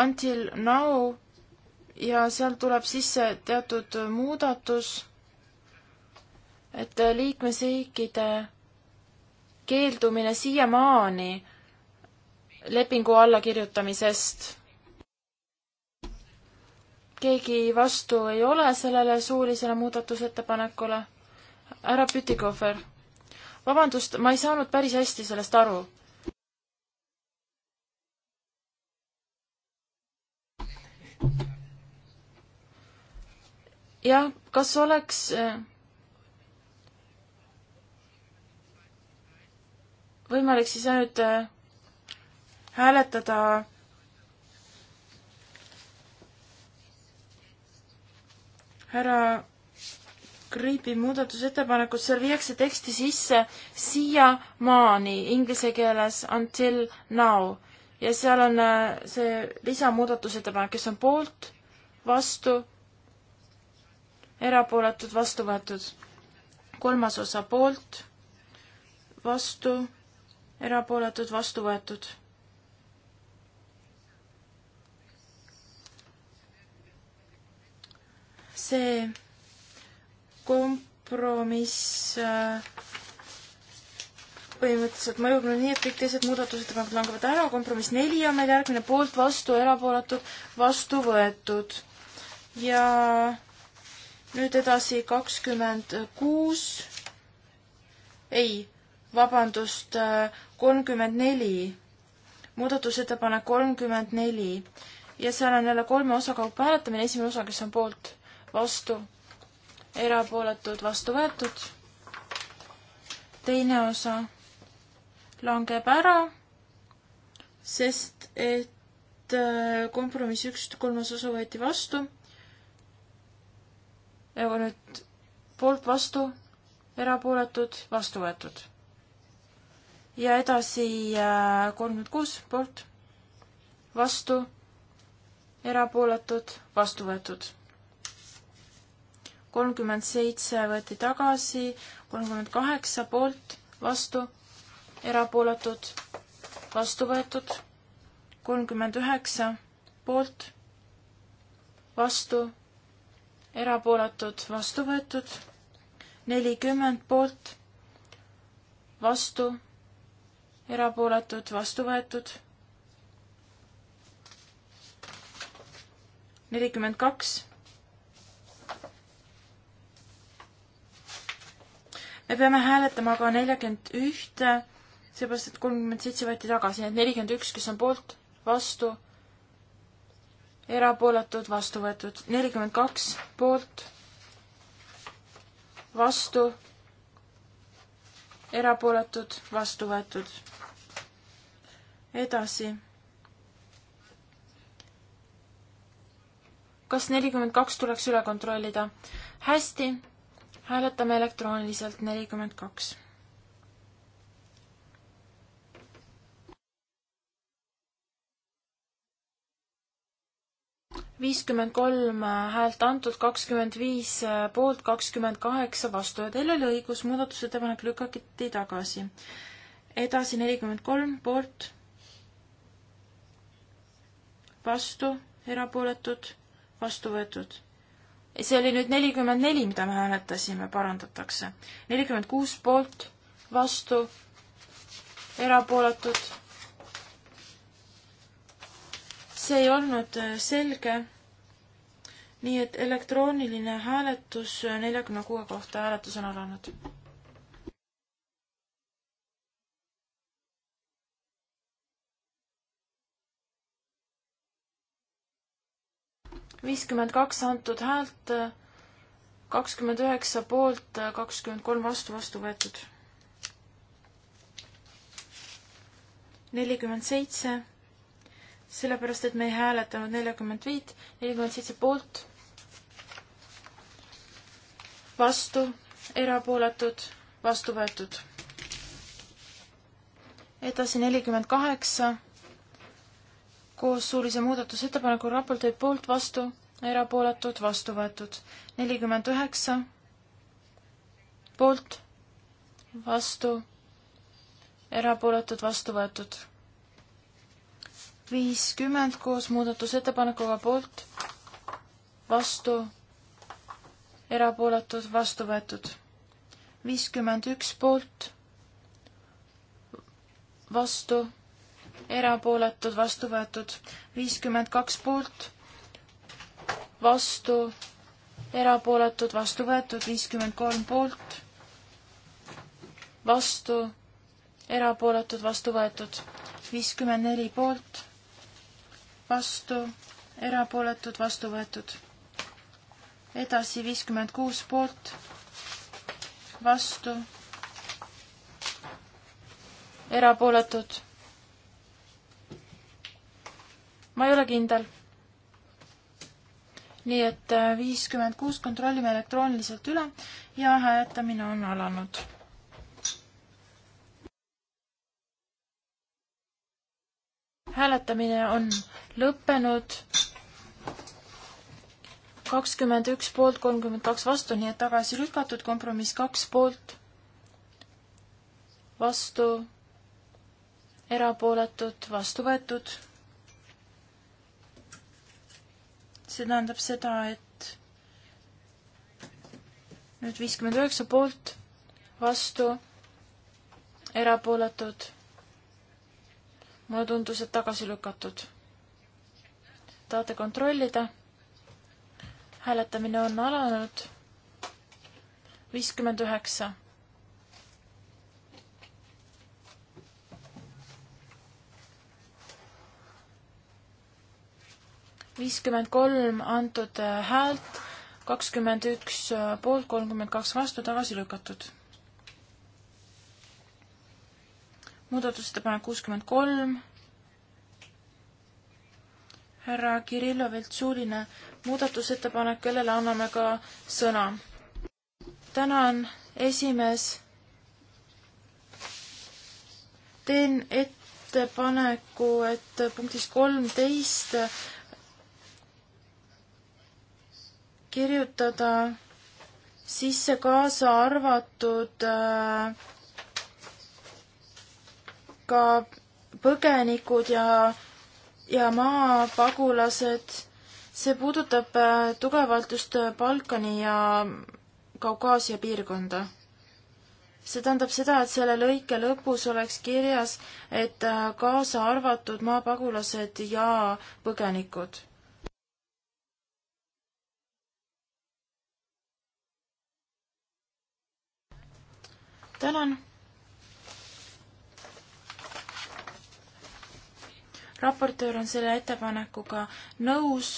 until now ja seal tuleb sisse teatud muudatus, et äh, liikmesriikide keeldumine siiamaani lepingu allakirjutamisest keegi vastu ei ole sellele suulisele muudatusettepanekule? härra Pütikofer, vabandust, ma ei saanud päris hästi sellest aru. jah, kas oleks äh, võimalik siis ainult äh, hääletada äh, härra Kriipi muudatusettepanekud viiakse teksti sisse siiamaani inglise keeles until now ja seal on äh, see lisamuudatusettepanek, kes on poolt, vastu, erapooletud, vastu võetud. kolmas osa poolt, vastu, erapooletud, vastu võetud see kompromiss äh, põhimõtteliselt mõjub nüüd nii, et kõik teised muudatusettepanekud langevad ära, kompromiss neli on meil järgmine, poolt, vastu, erapooletud, vastu võetud. ja nüüd edasi kakskümmend kuus, ei, vabandust, äh, kolmkümmend neli, muudatusettepanek kolmkümmend neli ja seal on jälle kolme osa kaupa hääletamine, esimene osa, kes on poolt vastu, erapooletud, vastu võetud. teine osa langeb ära, sest et äh, kompromiss üks kolmas osa võeti vastu. ja kui nüüd poolt vastu, erapooletud, vastu võetud. ja edasi äh, kolmkümmend kuus poolt, vastu, erapooletud, vastu võetud kolmkümmend seitse võeti tagasi, kolmkümmend kaheksa poolt, vastu, erapooletud, vastu võetud, kolmkümmend üheksa poolt, vastu, erapooletud, vastu võetud, nelikümmend poolt, vastu, erapooletud, vastu võetud nelikümmend kaks me peame hääletama ka neljakümmend ühte, seepärast et kolmkümmend seitse võeti tagasi, nii et nelikümmend üks, kes on poolt, vastu, erapooletud, vastu võetud, nelikümmend kaks poolt, vastu, erapooletud, vastu võetud. edasi. kas nelikümmend kaks tuleks üle kontrollida? hästi hääletame elektrooniliselt nelikümmend kaks. viiskümmend kolm häält antud, kakskümmend viis poolt, kakskümmend kaheksa vastu ja teil oli õigus, muudatusettepanek lükati tagasi. edasi nelikümmend kolm poolt, vastu, erapooletud, vastu võetud see oli nüüd nelikümmend neli, mida me hääletasime, parandatakse. nelikümmend kuus poolt, vastu, erapooletud. see ei olnud äh, selge. nii et elektrooniline hääletus äh, neljakümne kuue kohta hääletus on alanud. viiskümmend kaks antud häält, kakskümmend üheksa poolt, kakskümmend kolm vastu, vastu võetud. nelikümmend seitse, sellepärast et me ei hääletanud neljakümmend viit, nelikümmend seitse poolt, vastu, erapooletud, vastu võetud. edasi nelikümmend kaheksa koos suulise muudatusettepaneku raportööd poolt vastu, erapooletud, vastu võetud. nelikümmend üheksa poolt, vastu, erapooletud, vastu võetud. viiskümmend koos muudatusettepanekuga poolt, vastu, erapooletud, vastu võetud. viiskümmend üks poolt, vastu erapooletud, vastu võetud viiskümmend kaks poolt, vastu, erapooletud, vastu võetud viiskümmend kolm poolt, vastu, erapooletud, vastu võetud viiskümmend neli poolt, vastu, erapooletud, vastu võetud. edasi viiskümmend kuus poolt, vastu, erapooletud ma ei ole kindel. nii et äh, viiskümmend kuus kontrollime elektrooniliselt üle ja hääletamine on alanud. hääletamine on lõppenud. kakskümmend üks poolt, kolmkümmend kaks vastu, nii et tagasi lükatud, kompromiss kaks poolt, vastu, erapooletud, vastu võetud see tähendab seda, et nüüd viiskümmend üheksa poolt, vastu, erapooletud. mulle tundus, et tagasi lükatud. tahate kontrollida? hääletamine on alanud. viiskümmend üheksa viiskümmend kolm antud äh, häält, kakskümmend üks äh, poolt, kolmkümmend kaks vastu, tagasi lükatud. muudatusettepanek kuuskümmend kolm, härra Kirillovilt suuline muudatusettepanek, kellele anname ka sõna. tänan, esimees. teen ettepaneku, et punktis kolmteist 13 kirjutada sisse kaasa arvatud äh, ka põgenikud ja, ja maapagulased. see puudutab äh, tugevalt just äh, Balkani ja Kaukaasia piirkonda see tähendab seda, et selle lõike lõpus oleks kirjas, et kaasa arvatud maapagulased ja põgenikud. tänan. raportöör on selle ettepanekuga nõus.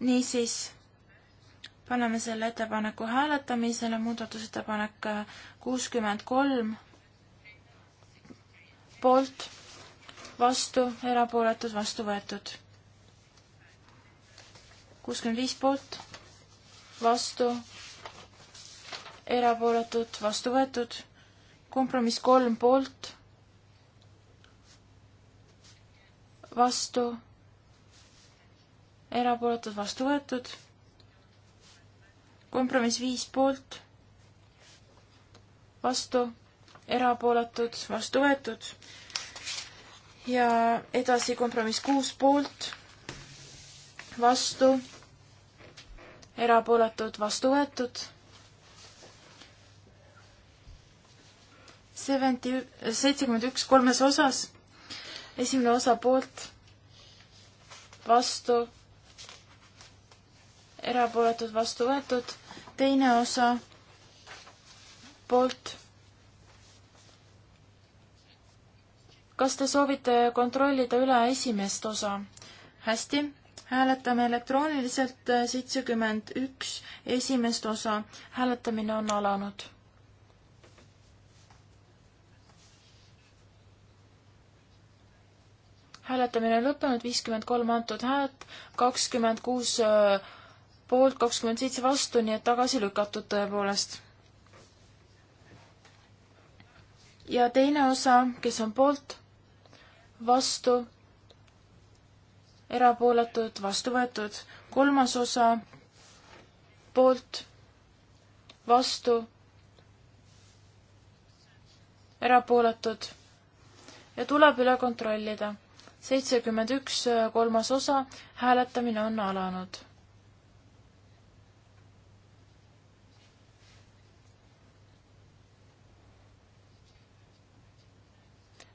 niisiis paneme selle ettepaneku hääletamisele, muudatusettepanek kuuskümmend kolm, poolt, vastu, erapooletud, vastu võetud. kuuskümmend viis poolt, vastu, erapooletud, vastu võetud. kompromiss kolm poolt, vastu, erapooletud, vastu võetud. kompromiss viis poolt, vastu, erapooletud, vastu võetud. ja edasi kompromiss kuus poolt, vastu erapooletud vastu võetud seventy, seitsekümmend üks kolmes osas. esimene osa poolt, vastu, erapooletud, vastu võetud. teine osa poolt. kas te soovite kontrollida üle esimest osa? hästi, hääletame elektrooniliselt äh, seitsekümmend üks esimest osa. hääletamine on alanud hääletamine on lõppenud, viiskümmend kolm antud häält, kakskümmend kuus äh, poolt, kakskümmend seitse vastu, nii et tagasi lükatud tõepoolest. ja teine osa, kes on poolt, vastu, erapooletud, vastu võetud, kolmas osa, poolt, vastu, erapooletud ja tuleb üle kontrollida seitsekümmend üks äh, kolmas osa, hääletamine on alanud.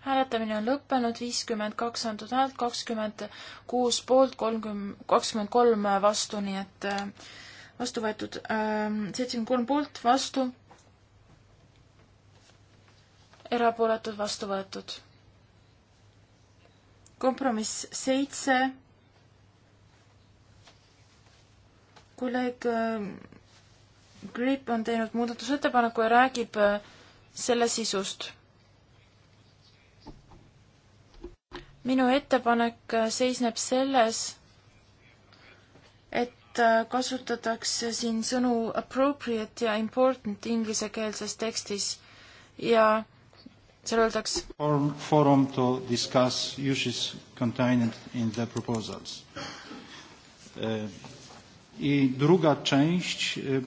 hääletamine on lõppenud, viiskümmend kaks antud häält, kakskümmend kuus poolt, kolmkümmend, kakskümmend kolm vastu, nii et äh, vastu võetud ähm, seitsekümmend kolm poolt, vastu, erapooletud, vastu võetud kompromiss seitse, kolleeg äh, Grip on teinud muudatusettepaneku ja räägib äh, selle sisust. minu ettepanek äh, seisneb selles, et kasutatakse siin sõnu appropriate ja important inglisekeelses tekstis ja seal öeldakse. Forum to discuss issues contained in the proposals. Eh, I druga część. Eh,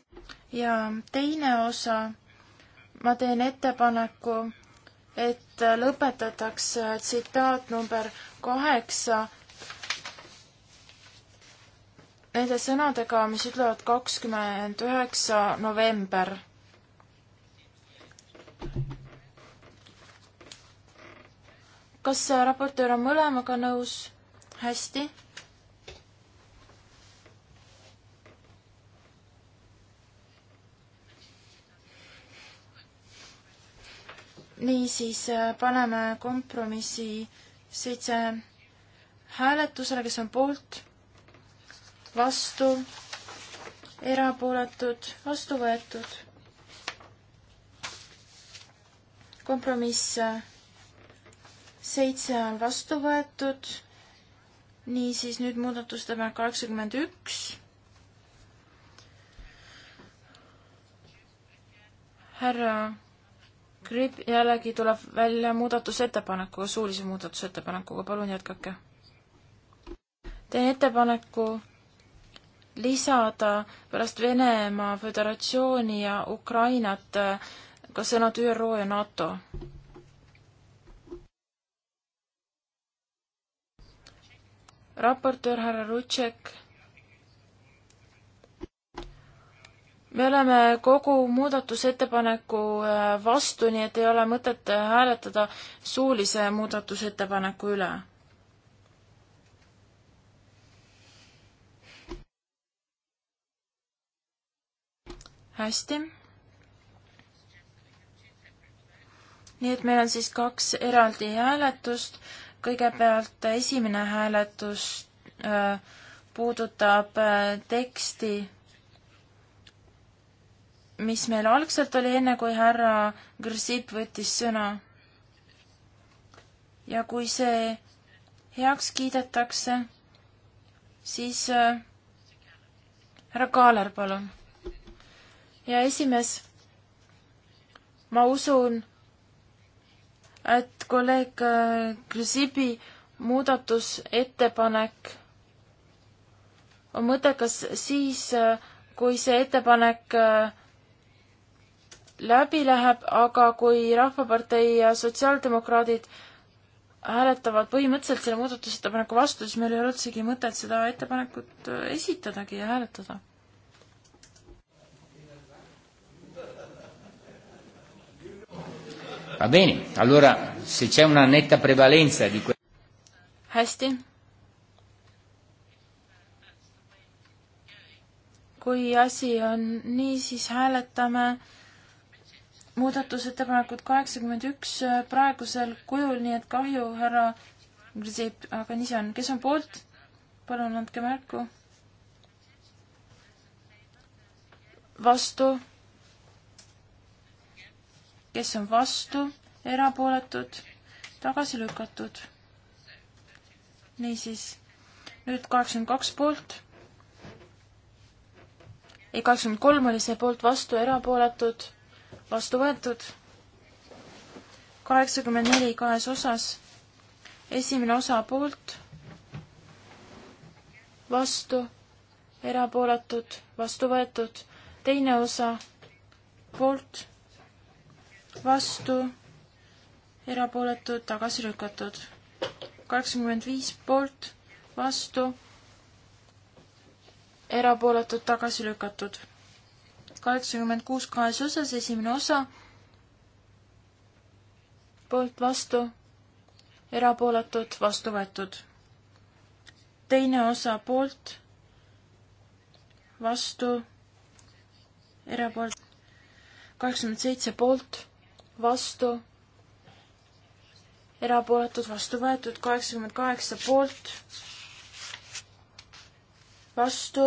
ja teine osa, ma teen ettepaneku, et lõpetatakse tsitaat number kaheksa nende sõnadega, mis ütlevad kakskümmend üheksa november kas raportöör on mõlemaga nõus? hästi. niisiis äh, paneme kompromissi seitse hääletusele, kes on poolt, vastu, erapooletud, vastu võetud. kompromiss äh, seitse on vastu võetud. niisiis nüüd muudatusettepanek kaheksakümmend üks. härra Gripp, jällegi tuleb välja muudatusettepanekuga, suulise muudatusettepanekuga, palun jätkake. teen ettepaneku lisada pärast Venemaa Föderatsiooni ja Ukrainat ka sõnad ÜRO ja NATO raportöör härra Rutšek. me oleme kogu muudatusettepaneku äh, vastu, nii et ei ole mõtet äh, hääletada suulise muudatusettepaneku üle. hästi nii et meil on siis kaks eraldi hääletust, kõigepealt esimene hääletus äh, puudutab äh, teksti, mis meil algselt oli, enne kui härra Grzib võttis sõna. ja kui see heaks kiidetakse, siis äh, härra Kaaler, palun. ja esimees, ma usun, et kolleeg Grzybi äh, muudatusettepanek on mõttekas siis, äh, kui see ettepanek äh, läbi läheb, aga kui Rahvapartei ja Sotsiaaldemokraadid hääletavad põhimõtteliselt selle muudatusettepaneku vastu, siis meil ei ole üldsegi mõtet seda ettepanekut esitadagi ja hääletada Va bene, allora se c'è una netta prevalenza di questo. hästi. kui asi on nii, siis hääletame muudatusettepanekut kaheksakümmend üks praegusel kujul, nii et kahju, härra Grzib, aga nii see on. kes on poolt? palun andke märku. vastu kes on vastu, erapooletud, tagasi lükatud. niisiis, nüüd kaheksakümmend kaks poolt. ei, kaheksakümmend kolm oli see poolt vastu, erapooletud, vastu võetud. kaheksakümmend neli kahes osas. esimene osa poolt, vastu, erapooletud, vastu võetud. teine osa poolt vastu, erapooletud, tagasi lükatud. kaheksakümmend viis poolt, vastu, erapooletud, tagasi lükatud. kaheksakümmend kuus kahes osas, esimene osa, poolt, vastu, erapooletud, vastu võetud. teine osa poolt, vastu, erapoolt, kaheksakümmend seitse poolt vastu, erapooletud, vastu võetud, kaheksakümmend kaheksa poolt, vastu,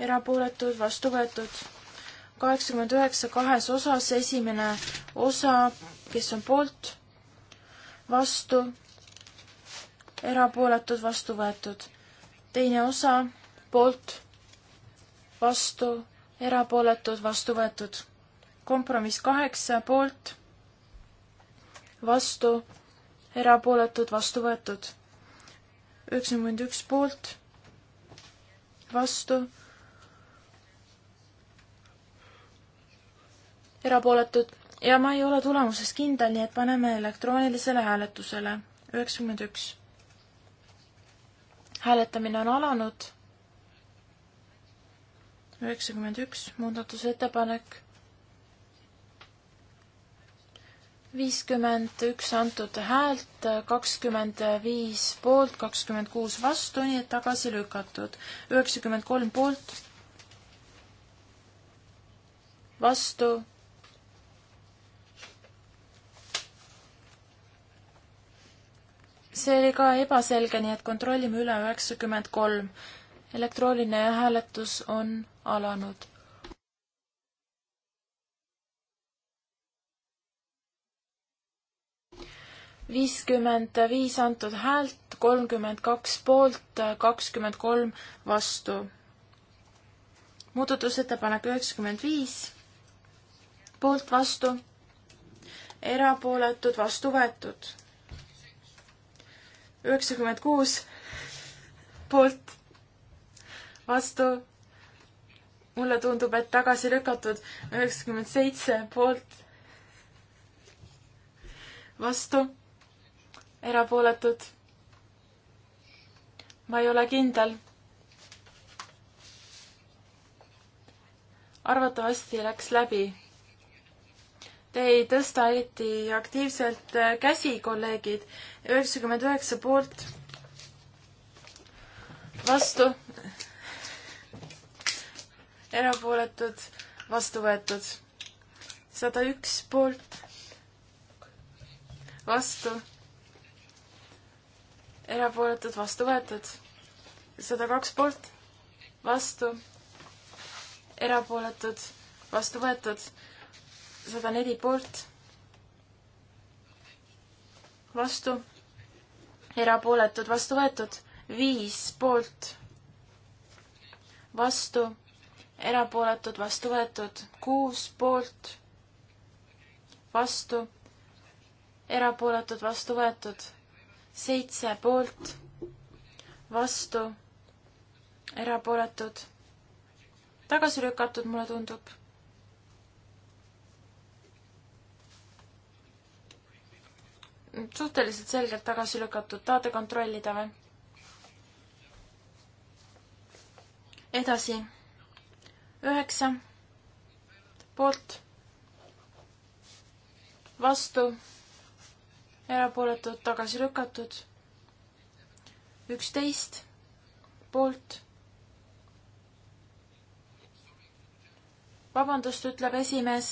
erapooletud, vastu võetud, kaheksakümmend üheksa kahes osas, esimene osa, kes on poolt, vastu, erapooletud, vastu võetud, teine osa, poolt, vastu, erapooletud, vastu võetud. kompromiss kaheksa poolt, vastu, erapooletud, vastu võetud. üheksakümmend üks poolt, vastu, erapooletud ja ma ei ole tulemuses kindel, nii et paneme elektroonilisele hääletusele. üheksakümmend üks. hääletamine on alanud. üheksakümmend üks, muudatusettepanek viiskümmend üks antud häält, kakskümmend viis poolt, kakskümmend kuus vastu, nii et tagasi lükatud. üheksakümmend kolm poolt, vastu. see oli ka ebaselge, nii et kontrollime üle üheksakümmend kolm. elektrooniline hääletus on alanud. viiskümmend viis antud häält, kolmkümmend kaks poolt, kakskümmend kolm vastu. muudatusettepanek üheksakümmend viis, poolt vastu, erapooletud vastu võetud. üheksakümmend kuus, poolt, vastu, mulle tundub, et tagasi lükatud, üheksakümmend seitse poolt, vastu erapooletud. ma ei ole kindel. arvatavasti läks läbi. Te ei tõsta eriti aktiivselt käsi, kolleegid. üheksakümmend üheksa poolt. vastu. erapooletud, vastu võetud. sada üks poolt. vastu erapooletud, vastu võetud. sada kaks poolt, vastu, erapooletud, vastu võetud. sada neli poolt, vastu, erapooletud, vastu võetud. viis poolt, vastu, erapooletud, vastu võetud. kuus poolt, vastu, erapooletud, vastu võetud seitse poolt, vastu, erapooletud, tagasi lükatud, mulle tundub. suhteliselt selgelt tagasi lükatud, tahate kontrollida või? edasi, üheksa, poolt, vastu erapooletud, tagasi lükatud. üksteist poolt. vabandust, ütleb esimees.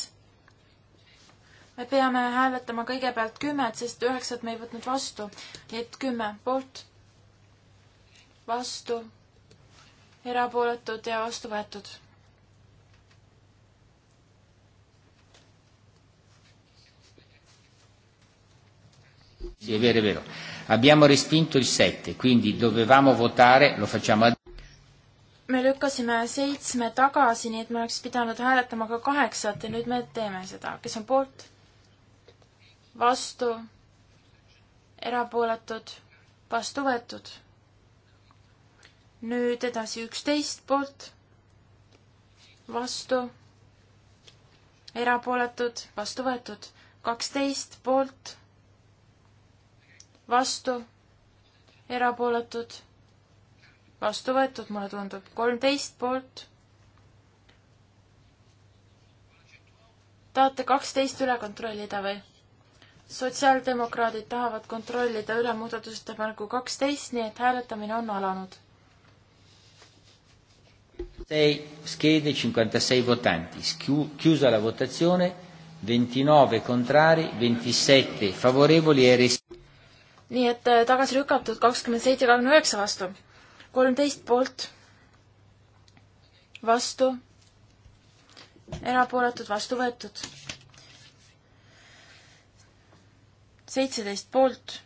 me peame hääletama kõigepealt kümmet, sest üheksat me ei võtnud vastu, nii et kümme poolt, vastu, erapooletud ja vastu võetud Sì, è vero, è vero. Abbiamo respinto il sette, quindi dovevamo votare, lo facciamo ad... me lükkasime seitsme tagasi, nii et me oleks pidanud hääletama ka kaheksat ja nüüd me teeme seda. kes on poolt? vastu? erapooletud? vastu võetud? nüüd edasi üksteist poolt, vastu, erapooletud, vastu võetud, kaksteist poolt vastu, erapooletud, vastu võetud, mulle tundub, kolmteist poolt. tahate kaksteist üle kontrollida või? sotsiaaldemokraadid tahavad kontrollida üle muudatusettepaneku kaksteist, nii et hääletamine on alanud. Sei schede 56 votanti, chiusa la votazione, 29 contrari, 27 favorevoli e res- nii et äh, tagasi lükatud kakskümmend seitse, kahekümne üheksa vastu. kolmteist poolt, vastu, erapooletud, vastu võetud. seitseteist poolt,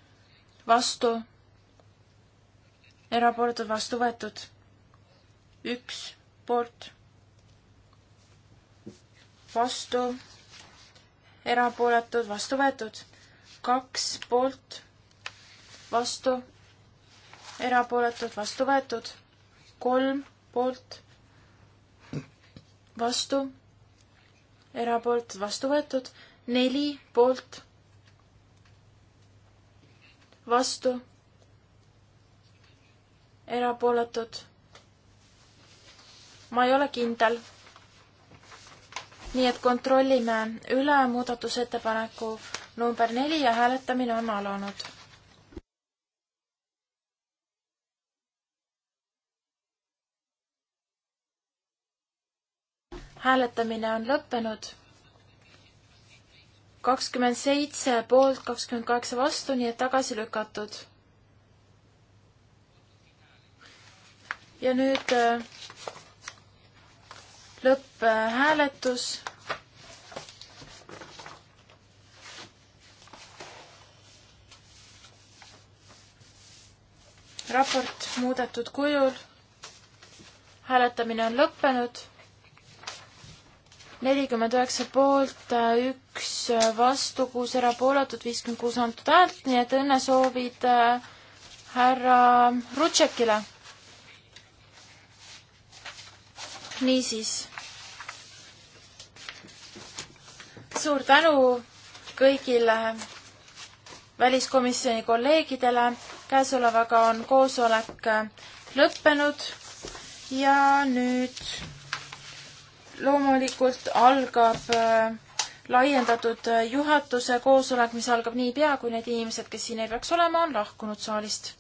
vastu, erapooletud, vastu võetud. üks poolt, vastu, erapooletud, vastu võetud. kaks poolt vastu, erapooletud, vastu võetud, kolm poolt, vastu, erapooletud, vastu võetud, neli poolt, vastu, erapooletud. ma ei ole kindel. nii et kontrollime üle muudatusettepaneku number neli ja hääletamine on alanud hääletamine on lõppenud. kakskümmend seitse poolt, kakskümmend kaheksa vastu, nii et tagasi lükatud. ja nüüd äh, lõpphääletus raport muudetud kujul. hääletamine on lõppenud nelikümmend üheksa poolt, äh, üks äh, vastu, kuus erapooletut, viiskümmend kuus antud häält, nii et õnnesoovid äh, härra Rutšekile. niisiis. suur tänu kõigile väliskomisjoni kolleegidele, käesolevaga on koosolek lõppenud ja nüüd loomulikult algab äh, laiendatud äh, juhatuse koosolek, mis algab niipea, kui need inimesed, kes siin ei peaks olema, on lahkunud saalist.